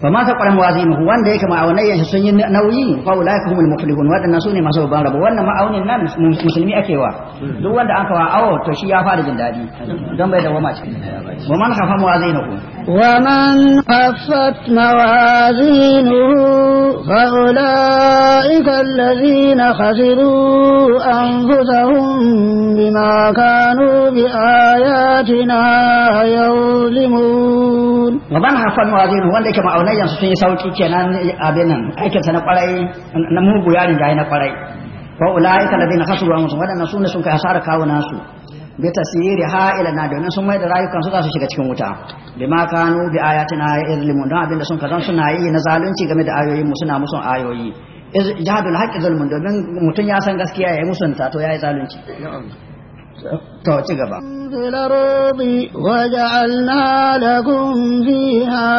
fa ma saqala mawazinuhu wanda yake ma'aunai shi sun yi nauyi fa ulaika humul muflihun wadannan sune masu babban rabo wannan ma'aunin nan musulmi ake wa duk wanda aka wa awo to shi ya fara jin dadi don bai ma cikin wa man khafa mawazinuhu wa man khaffat mawazinuhu fa ulaika alladhina khasiru anfusahum bima kanu bi ayatina yuzlimun wa man khaffat mawazinuhu wanda yake ma'aunai kafirai yanzu sun yi sauki kenan abin nan aikin sa na kwarai na mugu yarin da na kwarai wa ulaika alladhina khasiru anfusahum wadannan sune sun kai hasara kawo nasu bi tasiri ha ila na domin sun mai da rayukan su za su shiga cikin wuta bima kanu bi ayatina yadlimun don abin da sun kazan suna yi na zalunci game da ayoyin mu suna musun ayoyi jihadul haqqi zalmun domin mutun ya san gaskiya ya yi musunta to yayi yi zalunci to ci gaba وجعلنا لكم فيها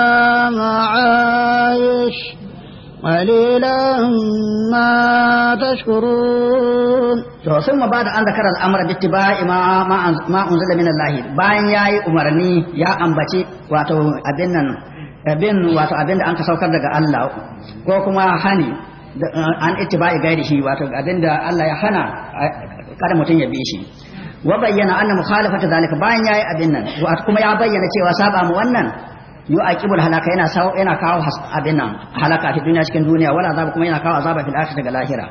معايش قليلا ما tashkurun. to sun ma bada an zakar al'amara bi tibai ma ma unzila min Allah bayan yayi umarni ya ambaci wato abin nan abin wato abin da an ka saukar daga Allah ko kuma hani an ittiba'i gairi shi wato abin da Allah ya hana kada mutum ya bi shi wa bayyana anna mukhalafata zalika bayan yayi abin nan kuma ya bayyana cewa saba mu wannan yu'aqibul halaka yana sawo yana kawo abin nan halaka a duniya cikin duniya wala kuma yana kawo azaba fil akhirah daga lahira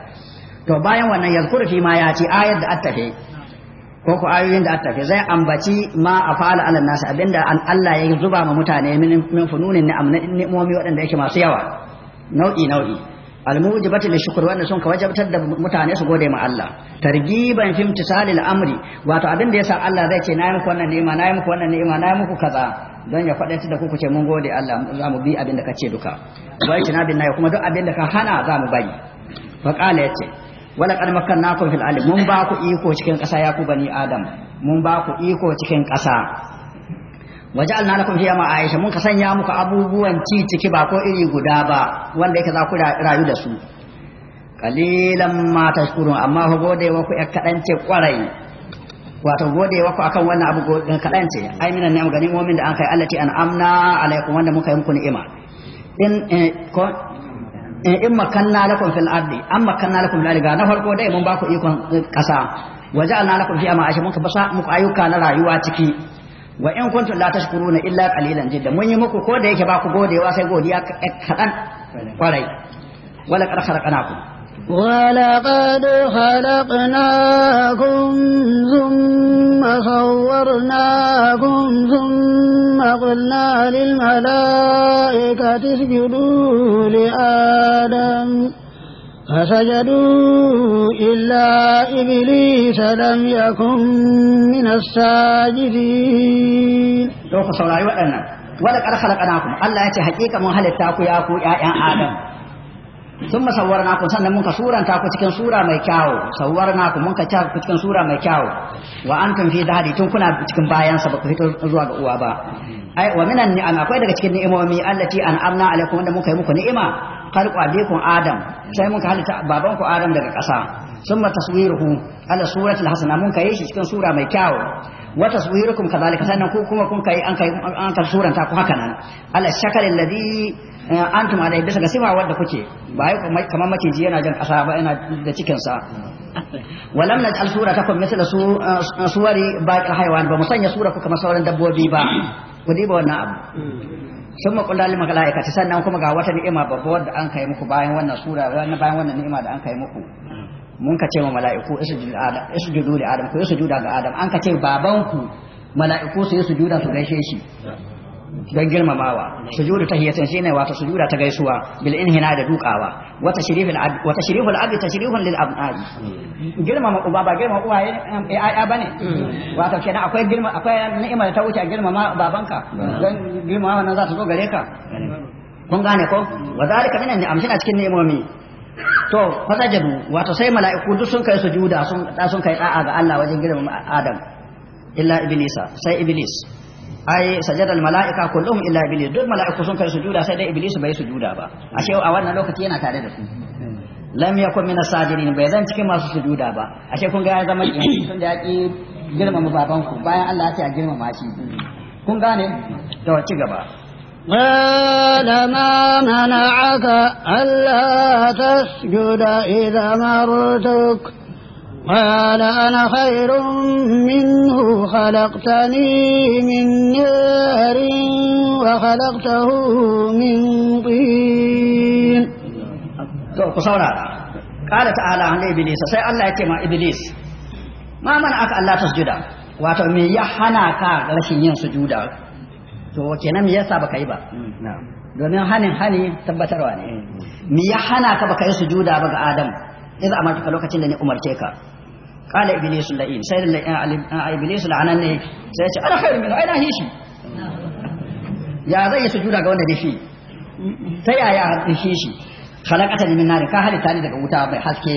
to bayan wannan yazkuru fi ma ya ci ayat da attafe ko ku ayoyin da attafe zai ambaci ma afala ala nas abinda an Allah ya zuba ma mutane min fununin ni'am ni'imomi waɗanda yake masu yawa nau'i nau'i almujibati li shukr wannan sun ka wajabtar da mutane su gode ma Allah targiban fi imtisalil amri wato abin da yasa Allah zai ce na muku wannan ni'ima na yi muku wannan ni'ima na yi muku kaza don ya faɗa da ku ku ce mun gode Allah za mu bi abin da kace duka wai tina bin nayi kuma duk abin da ka hana za mu bari fa qala yace wala qad makkannakum fil alim mun ba ku iko cikin ƙasa ya ku bani adam mun ba ku iko cikin ƙasa waja'alna lakum fiha ma'aisha mun ka sanya muku abubuwan ci ciki ba ko iri guda ba wanda yake za ku rayu da su qalilan ma tashkurun amma ho gode wa ku kadan ce kwarai wato gode wa ku akan wannan abu kadan ce ai minan ne ganin mu'min da an kai allati an amna alaikum wanda muka yi muku ni'ima in eh, ko eh, in makanna lakum fil ardi am makanna lakum la na farko dai mun ba ku ikon kasa eh, waja'alna lakum fiha ma'aisha mun ka basa muku ayyuka na rayuwa ciki wa in kuntum la tashkuruna illa qalilan jidda mun yi muku ko da yake ba ku godewa sai godiya kadan kwarai wala qad khalaqnakum ولقد خلقناكم ثم صورناكم ثم قلنا للملائكة اسجدوا adam. فسجدوا إلا إبليس لم يكن من الساجدين لوك سوراي وأنا ولك أرخلقناكم الله يتي حقيقة من هل التاكو ياكو يا آدم ثم صورناكم سنة منك سورة تاكو تكن سورة ميكاو صورناكم منك تاكو تكن سورة ميكاو وأنتم في ذهدي تنكنا تكن بايان سبق في تزواج أوابا ai wa minan ni'am akwai daga التي أنعمنا عليكم أن منك wanda muka kalkwa bikun adam sai mun halitta babanku adam daga ƙasa summa taswiruhu ala suratil hasana mun kai shi cikin sura mai kyau wa taswirukum kadhalika sai ku kuma kun kai an kai ku haka nan ala shakalil ladhi antum alayhi bisa ga sima wanda kuke ba yau kamar makinji yana jan ƙasa ba yana da cikin sa ولم نجعل سورة تكون مثل سور باقي الحيوان بمسنة سورة كما سورة دبوبي با ba بو نعم sun maƙulla malaika ta sannan kuma ga wata ni'ima babba wadda an kai muku bayan wannan sura bayan wannan ni'ima da an kai muku mun ka ce wa mala'iku isujudu li adam ko isujuda ga adam an ka ce babanku mala'iku su yi sujuda su gaishe shi don girmamawa sujudu tahiyyatin shine wato sujuda ta gaisuwa bil inhina da dukawa wata tashrifil wa tashriful abdi tashrifun lil abnad girmama uba ba girmama uwa ya eh, eh, bane wato kenan akwai girma akwai ni'ima da ta wuce girmama babanka don girmama wannan za ta zo gare ka kun gane ko wa zalika ni ni'am a cikin ni'imomi to fasajadu wato sai mala'iku duk sun kai sujuda sun sun kai da'a ga Allah wajen girmama Adam illa iblisa sai iblis ai sajada al malaika kullum illa iblis duk malaiku sun kai sujuda sai dai iblis bai sujuda ba ashe a wannan lokaci yana tare da su lam yakun min asajirin bai zan cikin masu sujuda ba ashe kun ga ya zama tun da ya ki mu baban ku bayan Allah ya ce a girmama shi kun gane to ci gaba قال ما منعك ألا تسجد إذا مرتك قال أنا خير منه خلقتني من نار وخلقته من طين قال تعالى عن إبليس سي الله يتمع إبليس ما منعك ألا تسجد wato me ya hana ka rashin yin sujuda to kenan me yasa baka yi ba domin hanin hani tabbatarwa ne mm. me ya hana ka yi sujuda ba ga Adamu? idza amartuka lokacin da ni umarce ka qala iblisu la'in sai da iblisu la'anan ne sai ya ce ana khairu min aina hishi ya zai sujuda ga wanda dashi ta yaya hishi? shi khalaqata min nar ka halitta ni daga wuta mai haske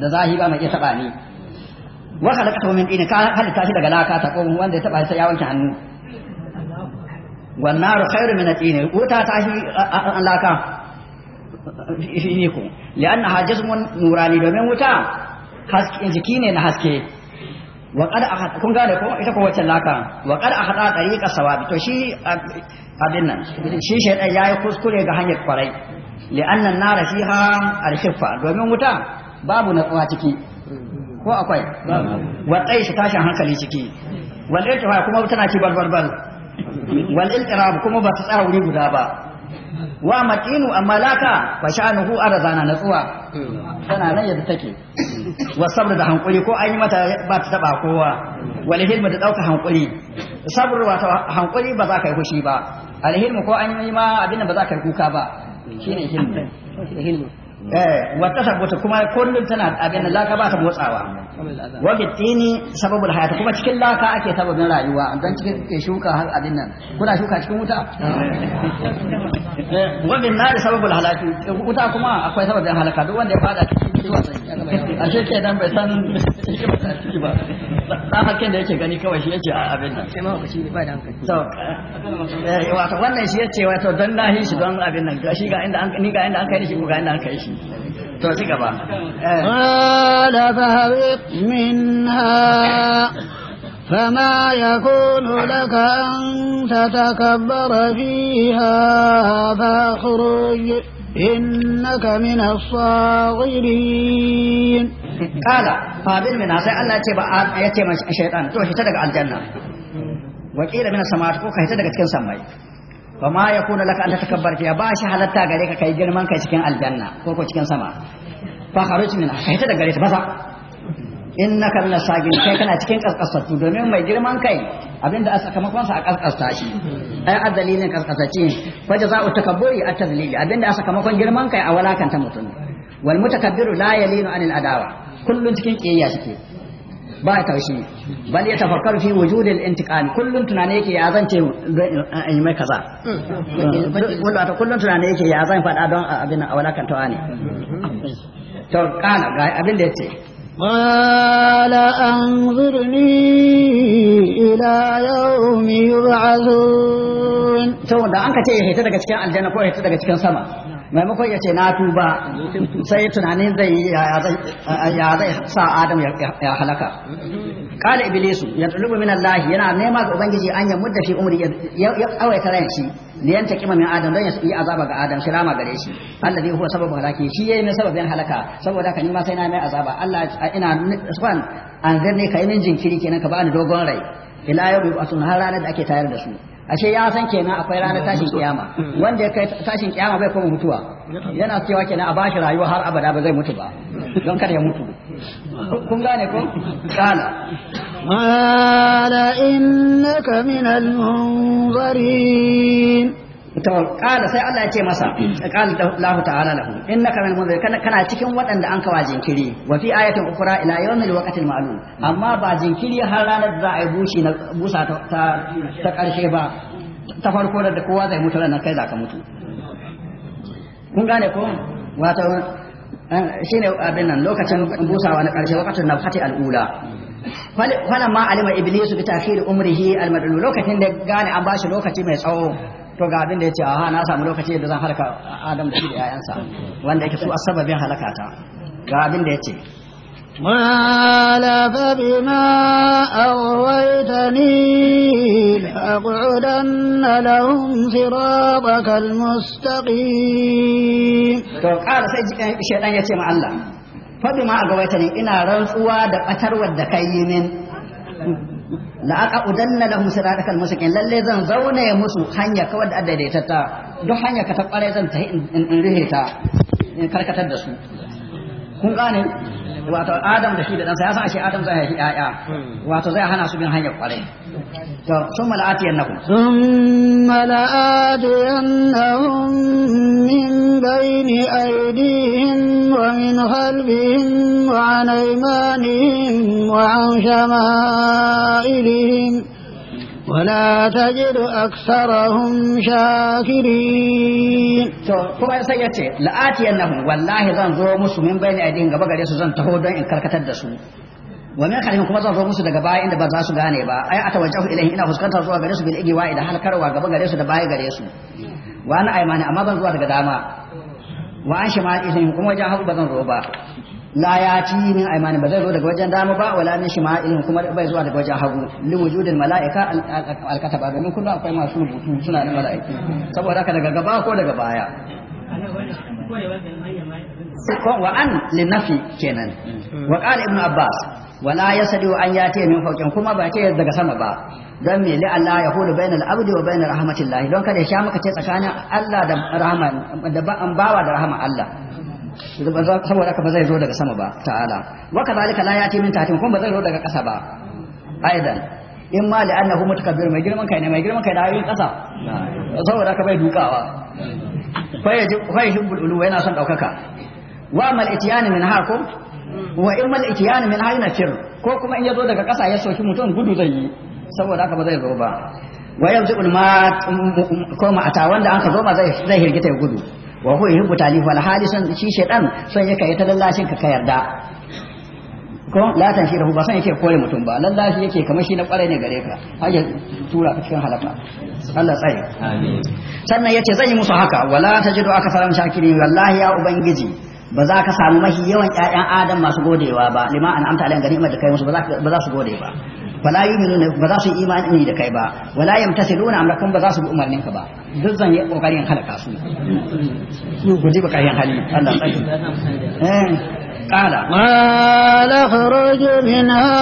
da zahi ba mai iya taba ni wa khalaqata min din ka halitta shi daga laka ta ko wanda ya taba sai ya wanke hannu wannan khairu min atin wuta ta shi laka fiku li'anna hajjasmun nurani domin wuta haske jiki ne na haske wa qad ahad kun gane ko ita ko wacce laka wa qad ahada tariqa sawabi to shi abin nan shi shaydan yayi kuskure ga hanyar kwarai li'anna nara fiha al shifa domin wuta babu na tsawa ciki ko akwai wa tsaishi tashin hankali ciki wal iltifa kuma tana ci balbalbal wal iltirab kuma ba ta tsara wuri guda ba wa makinu amma laka fa sha'anuhu na tsuwa. tana nan yadda take wa sabr da hankuri ko an yi mata ba ta taba kowa wal hilma da dauka hankuri sabr ta hankuri ba za ka yi fushi ba alhilma ko an yi ma abin ba za ka yi kuka ba shine hilma Eh, wata sabota kuma kullum tana abin da laka ba ta motsawa wabi tini sababul hayata kuma cikin laka ake sababin rayuwa dan cikin ke shuka har abin nan kuna shuka cikin wuta eh, wabi nari sababul halaki wuta kuma akwai sababin halaka duk wanda ya fada cikin a shi ke bai san shi ba hakken da yake gani kawai kai shi shi آه. قال فهبط منها فما يكون لك أن تتكبر فيها فاخرج إنك من الصاغرين قال فهبط منها سأل الله يتبع آل يتبع الشيطان تروح تدق على الجنة وكيل من السماوات كوكا يتدق تكن سمي fa ma yakunu laka an takabbar fiha ba shi halatta gare ka kai girman kai cikin aljanna ko ko cikin sama fa kharuj min kai ta gare ta baza innaka min sagin kai kana cikin kaskasatu domin mai girman kai abinda a sakamakon sa a kaskasta shi ai adalilin kaskasaci fa jaza'u takabburi at-tadlil abinda a sakamakon girman kai a ta mutum wal mutakabbiru la yalinu anil adawa kullun cikin kiyaya shi ba ya bal ya tafakkar fi wujudil intiqam kullun tunane yake ya zan ce yi mai kaza wallahi kullun tunane yake ya zan fada don abin awalakantawa ne to kana ga abin da yace قال anzurni ila yawmi yub'athun to da an ka ce ya hita daga cikin aljanna ko ya hita daga cikin sama maimakon ya ce na tuba sai tunanin zai ya zai sa adam ya halaka kala iblisu ya tulubu min allahi yana nema ga ubangiji an ya mudda shi umri ya tsawaita ran shi ne yanta kima min adam don ya yi azaba ga adam shirama gare shi allazi huwa sababu halaki shi yayi min sababin halaka saboda ka ma sai na mai azaba Allah ina subhan an ka yi min jinkiri kenan ka bani dogon rai ila yau bi asun har ranar da ake tayar da su ashe ya san kenan akwai ranar tashin kiyama wanda ya kai tashin kiyama bai kuma mutuwa yana cewa kenan a bashi rayuwa har abada ba zai mutu ba don kada ya mutu kun gane ko kana innaka min al المنظرين to kala sai Allah ya ce masa kala Allah ta'ala lahu innaka min munzir kana cikin waɗanda an kawa jinkiri wa fi ayatin ukra ila yawmil waqtil ma'lum amma ba jinkiri har ranar da za a yi bushi na busa ta ta karshe ba ta farko da kowa zai mutu ranar kai za ka mutu kun gane ko wato shine abin nan lokacin busawa na karshe waqtul nafhati al-ula falamma alima iblisu bi ta'khir umrihi al lokacin da gane an bashi lokaci mai tsawo to ga abin da ya ce aha na samu lokaci da zan halaka adam da shi da 'ya'yansa wanda yake su a sababin halakata ga abin da ya ce قال فبما أغويتني لأقعدن لهم صراطك المستقيم قال سيد الشيطان يتيم الله فبما أغويتني إنا رنسوا دقتر min. la'aqudanna lahum siratal mustaqim lalle zan zaune musu hanya kawai da ta duk hanya ka ta kware zan ta in rihe ta in karkatar da su kun gane wato adam da shi da ɗansa ya san ashe adam zai haifi ƴaƴa hmm. wato zai hana su bin hanyar ƙwarai to sun mala'ati yannakum sun mala'ati yannahum min bayni aydihim wa min khalfihim wa an aymanihim wa an shama'ilihim ولا تجد أكثرهم شاكرين to kuma sai ya ce la'ati annahum wallahi zan zo musu min bayani aidin gaba gare su zan taho don in karkatar da su wa min kuma zan zo musu daga baya inda ba su gane ba ai atawajjahu ilaihim ina fuskanta zuwa gare su bil igiwa idan halkarwa gaba gare da baya gare wa na amma ban zuwa daga dama wa an kuma wajen hagu ba zan zo ba la ya ci min aimani ba zai zo daga wajen dama ba wala min shima'ilin kuma bai zuwa daga wajen hagu li wujudil mala'ika alkataba domin akwai masu rubutu suna da mala'iku saboda daga gaba ko daga baya wa linafi kenan wa Ibn abbas wala yasdi an yati min fawqin kuma ba ce daga sama ba dan me li Allah ya hulu bainal abdi wa bainal rahmatillah don kada ya sha maka ce tsakanin Allah da rahman da bawa da rahman Allah saboda haka ba zai zo daga sama ba ta'ala wa kadhalika la yati min tahtin kuma ba zai zo daga ƙasa ba aidan in ma li annahu mutakabbir mai girman kai ne mai girman kai da ayoyin ƙasa saboda haka bai dukawa fa yaji fa yuhibbul ulu yana son daukaka wa mal itiyani min hakum wa in mal itiyani min hayna kir ko kuma in yazo daga ƙasa ya soki mutum gudu zai yi saboda haka ba zai zo ba wa yanzu ulma ko ata wanda an ka zo ba zai zai hirgita ya gudu wa huwa yuhibbu talif wal halisan shi shaytan son yake yi ta lallashin ka yarda ko la tan shi da ba san yake kore mutum ba lallashi yake kamar shi na kware ne gare ka haje tura ka cikin halaka Allah tsaye amin sannan yace zan yi musu haka wala tajidu akasaram shakirin wallahi ya ubangiji ba za ka samu mahi yawan ƴaƴan adam masu godewa ba lima an amta alayhi ganimar da kai musu ba za su gode ba fala yu'minuna ba za su yi imani da kai ba wala yamtasiluna amrakum ba za su bi umarninka ba duk zan yi kokarin halaka su ku guji ba kayan hali Allah tsaki eh قال قال اخرج منها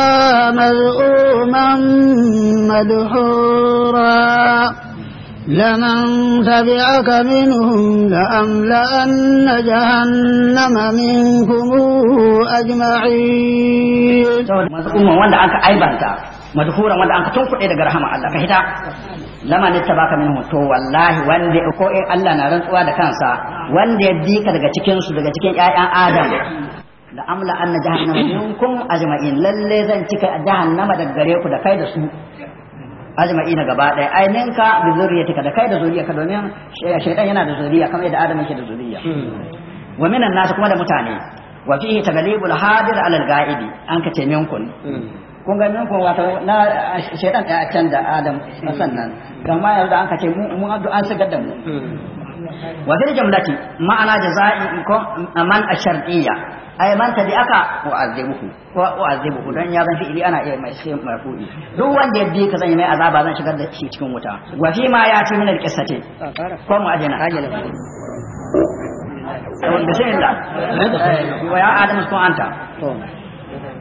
مذءوما مدحورا لمن تبعك منهم لأملأن جهنم منكم أجمعين مذكورا وانت أنك أيبنتا مذكورا وانت أنك تنفع إذا رحمة الله كهتا لما نتبعك منهم تو والله وانت أكوئ الله نرنسوا دكانسا وانت يديك دكا تكينسو دكا تكين آيان آدم da amla anna jahannama minkum ajma'in lalle جهنم cika jahannama daga gare ku da kai da na gaba ɗaya ka da zuriyarka da kai da zuriyarka domin shaitan yana da zuriya kamar yadda adam yake da zuriya wa minan nasu kuma da mutane wa fihi taghlibul hadir ala al-ga'ibi an kace minkun kun ga minkun wato na shaitan ya can da adam sannan kamma yanzu an kace mu an sigar da mu wa fil jumlati ma'ana jaza'i man ash-shartiyya ai man tabi aka mu'azzibuhu wa mu'azzibuhu dan ya zan fi'ili ana iya mai sai marfu'i duk wanda ya bi ka zan yi mai azaba zan shigar da shi cikin wuta wa fi ma ya ci min alqissati ko mu ajina ajina wa ya adamu kun anta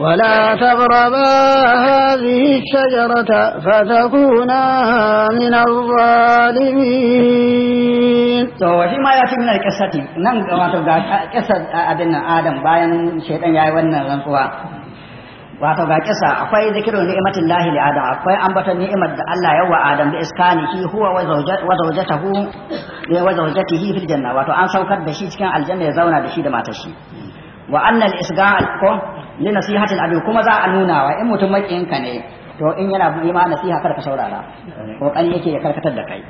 ولا تقربا هذه الشجرة فتكونا من الظالمين to shi ma ya ce min alƙasati nan wato ga ƙasar abin adam bayan shaitan yi wannan rantsuwa wato ga kisa akwai zikirin ni'imatin lahi li adam akwai ambaton ni'imar da Allah yawa adam da iskanihi huwa wa zawjatahu wa zawjatihi fil janna wato an saukar da shi cikin aljanna ya zauna da shi da matar shi wa annal isga'al ko li nasihatil abi kuma za a nuna wa in mutum makiyinka ne to in yana yi ma nasiha kar ka saurara ko kokari yake ya karkatar da kai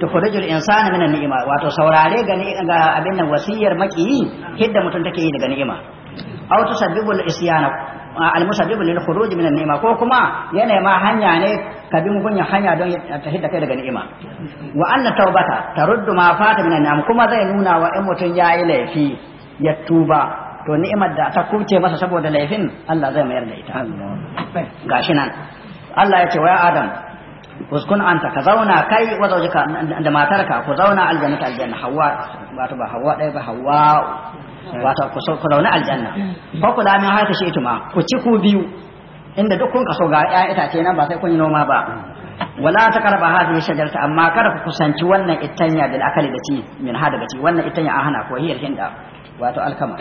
to khurujul insani minan ni'ima wato saurare ga ga abin nan wasiyar makiyi hidda mutum take yi daga ni'ima aw tusabbibul isyana almusabbibu lil khuruj minan ni'ima ko kuma yana ma hanya ne ka bi mugunya hanya don ta hidda kai daga ni'ima wa anna tawbata taruddu ma fata minan ni'am kuma zai nuna wa in mutum yayi laifi ya tuba to ni'imar da ta kuce masa saboda laifin Allah zai mayar da ita gashi nan Allah ya ce wa Adam uskun anta ka zauna kai wa zaujika da matarka ku zauna aljanna aljanna hawa wato ba hawa dai ba hawa wato ku ku zauna aljanna ko ku da min haka shi ituma ku ci ku biyu inda duk kun kaso ga ya itace nan ba sai kun yi noma ba wala ta karba hadhihi shajarta amma kada ku kusanci wannan itanya da akali da ci min hada daga ci wannan itanya an hana ko hiyar hinda wato alkama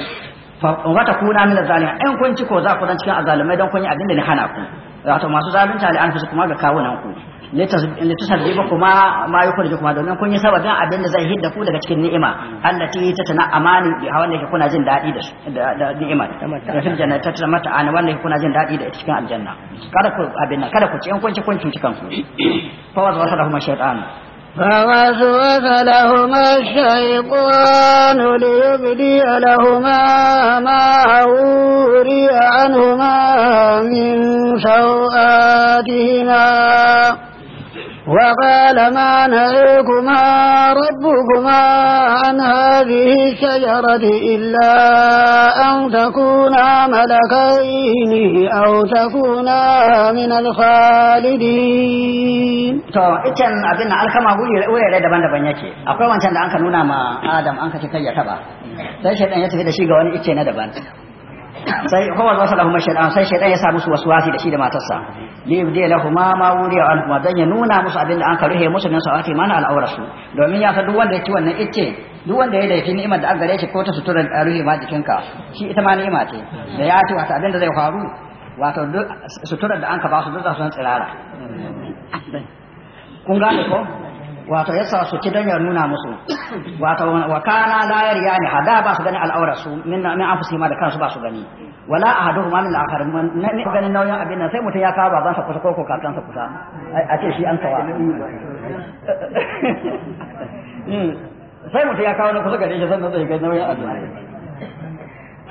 wata kuna min zalima in kun ci ko za ku dan cikin azalumai dan kun yi abin da ni hana ku wato masu zalunci ali an kuma ga kawunan ku ne sabbi ba kuma ma yi kurji kuma domin kun yi sababin abin da zai hidda ku daga cikin ni'ima allati ta tana amani a wanda yake kuna jin daɗi da ni'ima da cikin janna ta tana mata ana wanda yake kuna jin daɗi da ita cikin aljanna kada ku abin nan kada ku ci in kun ci kun cuci kanku fa wa da kuma shaytanu فوسوس لهما الشيطان ليبدي لهما ما أوري عنهما من سوآتهما وقال ما نهيكما ربكما عن هذه الشجرة إلا أن تكونا ملكين أو تكونا من الخالدين to itan abin na alkama wurare daban-daban yake akwai wancan da anka nuna ma Adam an kace kai ya taba sai shaytan ya tafi da shi ga wani ice na daban sai kuma wasa lahum shaytan sai shaytan ya sa musu wasi da shi da matarsa liyubdi lahum ma wuriya anhuma dan ya nuna musu abin da an ruhe musu nan sawati mana awrasu domin ya san duk wanda ya ci wannan ice duk wanda ya laifi ni'imar da aka gare shi ko ta sutura da ruhe ma jikinka shi ita ma ni'ima ce da ya ci wato abin da zai faru wato duk suturar da an ka ba su duk za su tsirara kun gane ko wato ya sa su ci dan ya nuna musu wato wa kana la yariya ni hada ba su gani al'aura su min min anfusi ma da kansu ba su gani wala ahaduhum min al'akhar akhar ne ganin nauyin abin nan sai mutum ya kawo sa kusa ko sa kusa a ce shi an sawa *laughs* hmm. sai mutum ya kawo na kusa gare shi sannan zai ga nauyin abin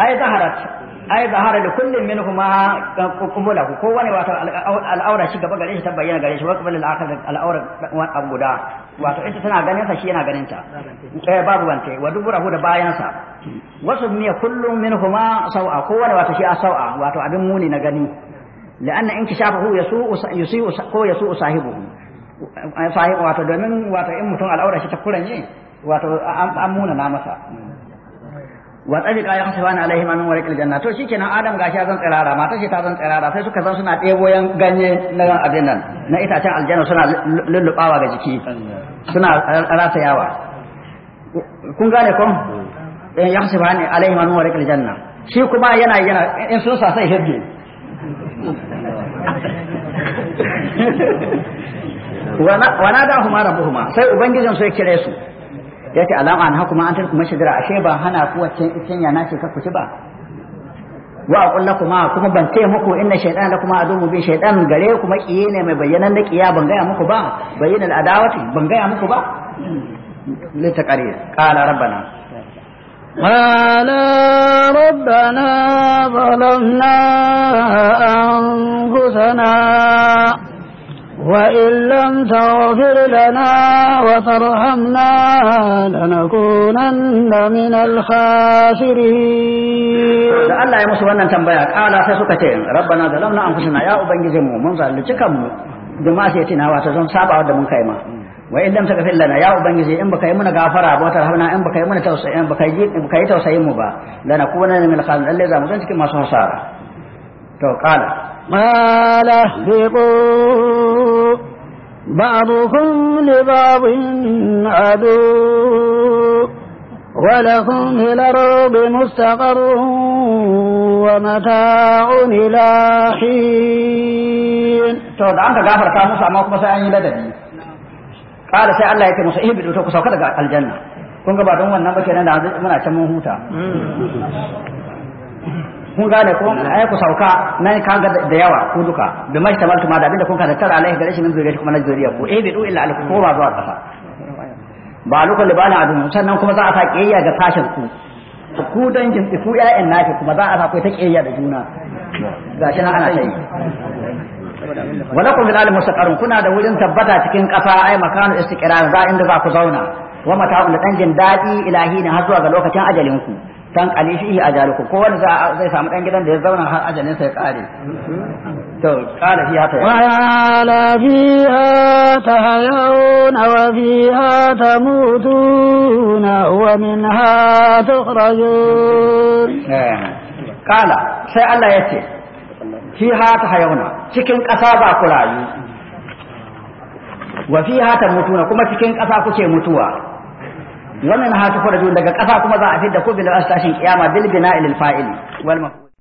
ai zaharat ai zahara da kullum min kuma kubulahu ko wani wato al'aura shi gaba gare shi ta bayyana gare shi wa qabla al al'aura wani abu guda wato ita tana ganin sa shi yana ganin ta eh babu wante wa duburahu da bayan sa wasu miya kullum min kuma sau'a ko wani wato shi a sau'a wato abin muni na gani la'anna inkishafahu yasu'u yusi'u ko yasu'u sahibuhu sahibu wato domin wato in mutum al'aura shi ta kuranye wato an muna na masa wa tsabiqa ya hasabana alaihim min warqil janna to shikenan adam gashi a zan tsirara mata shi ta zan tsirara sai suka zan suna ɗebo yan ganye na abin nan na itacen aljanna suna lullubawa ga jiki suna yawa kun gane ko eh, ya hasabani alaihim min warqil janna shi kuma yana yana in sun sa sai hirge *laughs* wa da huma rabbuhuma sai ubangijin sai kire su ya ce alama an hakuma an tarku mashajara ashe ba hana ku wacce cikin na ce ku ci ba wa aqul lakuma kuma ban ce muku inna shaytana lakuma adumu bi shaytan gare kuma kiye ne mai bayyanan da kiya ban gaya muku ba bayyana al'adawati ban gaya muku ba li taqariya qala rabbana قال ربنا ظلمنا أنفسنا وإن لم تغفر لنا وترحمنا لنكونن من الخاسرين da Allah ya musu wannan tambaya kala sai suka ce rabbana zalamna anfusana ya ubangije mu mun zalunci kanmu da ma sai tina wato zan saba da mun kai ma wa idan lam taghfir lana ya ubangije in baka yi muna gafara ba ta rahmana in baka yi muna tausayi in baka yi baka yi tausayin mu ba lana kunanna min al-khasirin lalle za mu zan cikin masu hasara to kala قال اهبطوا بعضكم لبعض عدو ولكم في الأرض مستقر ومتاع إلى حين to da an ka gafarta musu amma kuma sai an yi ladabi kala sai Allah ya ce musu ihbidu to ku sauka daga aljanna kun ga ba don wannan ba kenan da muna can mun huta mm. kun gane ko ai ku sauka nan kan ga da yawa ku duka da mai tamal tuma da abinda kun kana tara alai gare shi zuriya kuma na zuriya ku eh bi illa alku ko ba zuwa kasa ba luka libana adun sannan kuma za a sa kiyayya ga sashen ku ku dangin ku ƴaƴan naki kuma za a sa kai ta kiyayya da juna shi nan ana sai walakum bil alim mustaqarrun kuna da wurin tabbata cikin kasa ai makanu istiqrar za inda za ku zauna wa mata'un da dan jin dadi ilahi ne har zuwa ga lokacin ajalin ku tan Ali shi a jaliku ko wani zai samu dan gidan da ya zauna har ajalin sai kare to kala fiha ta wa ala fiha tahayuna wa fiha tamutuna wa minha tukhrajun kala eh. sai Allah ya ce fiha tahayuna cikin ƙasa ba ku rayu wa fiha tamutuna kuma cikin ƙasa kuke mutuwa ومن ها تخرجون daga ƙasa kuma za a fidda ku bil astashin kiyama bil bina'il fa'ili wal maf'ul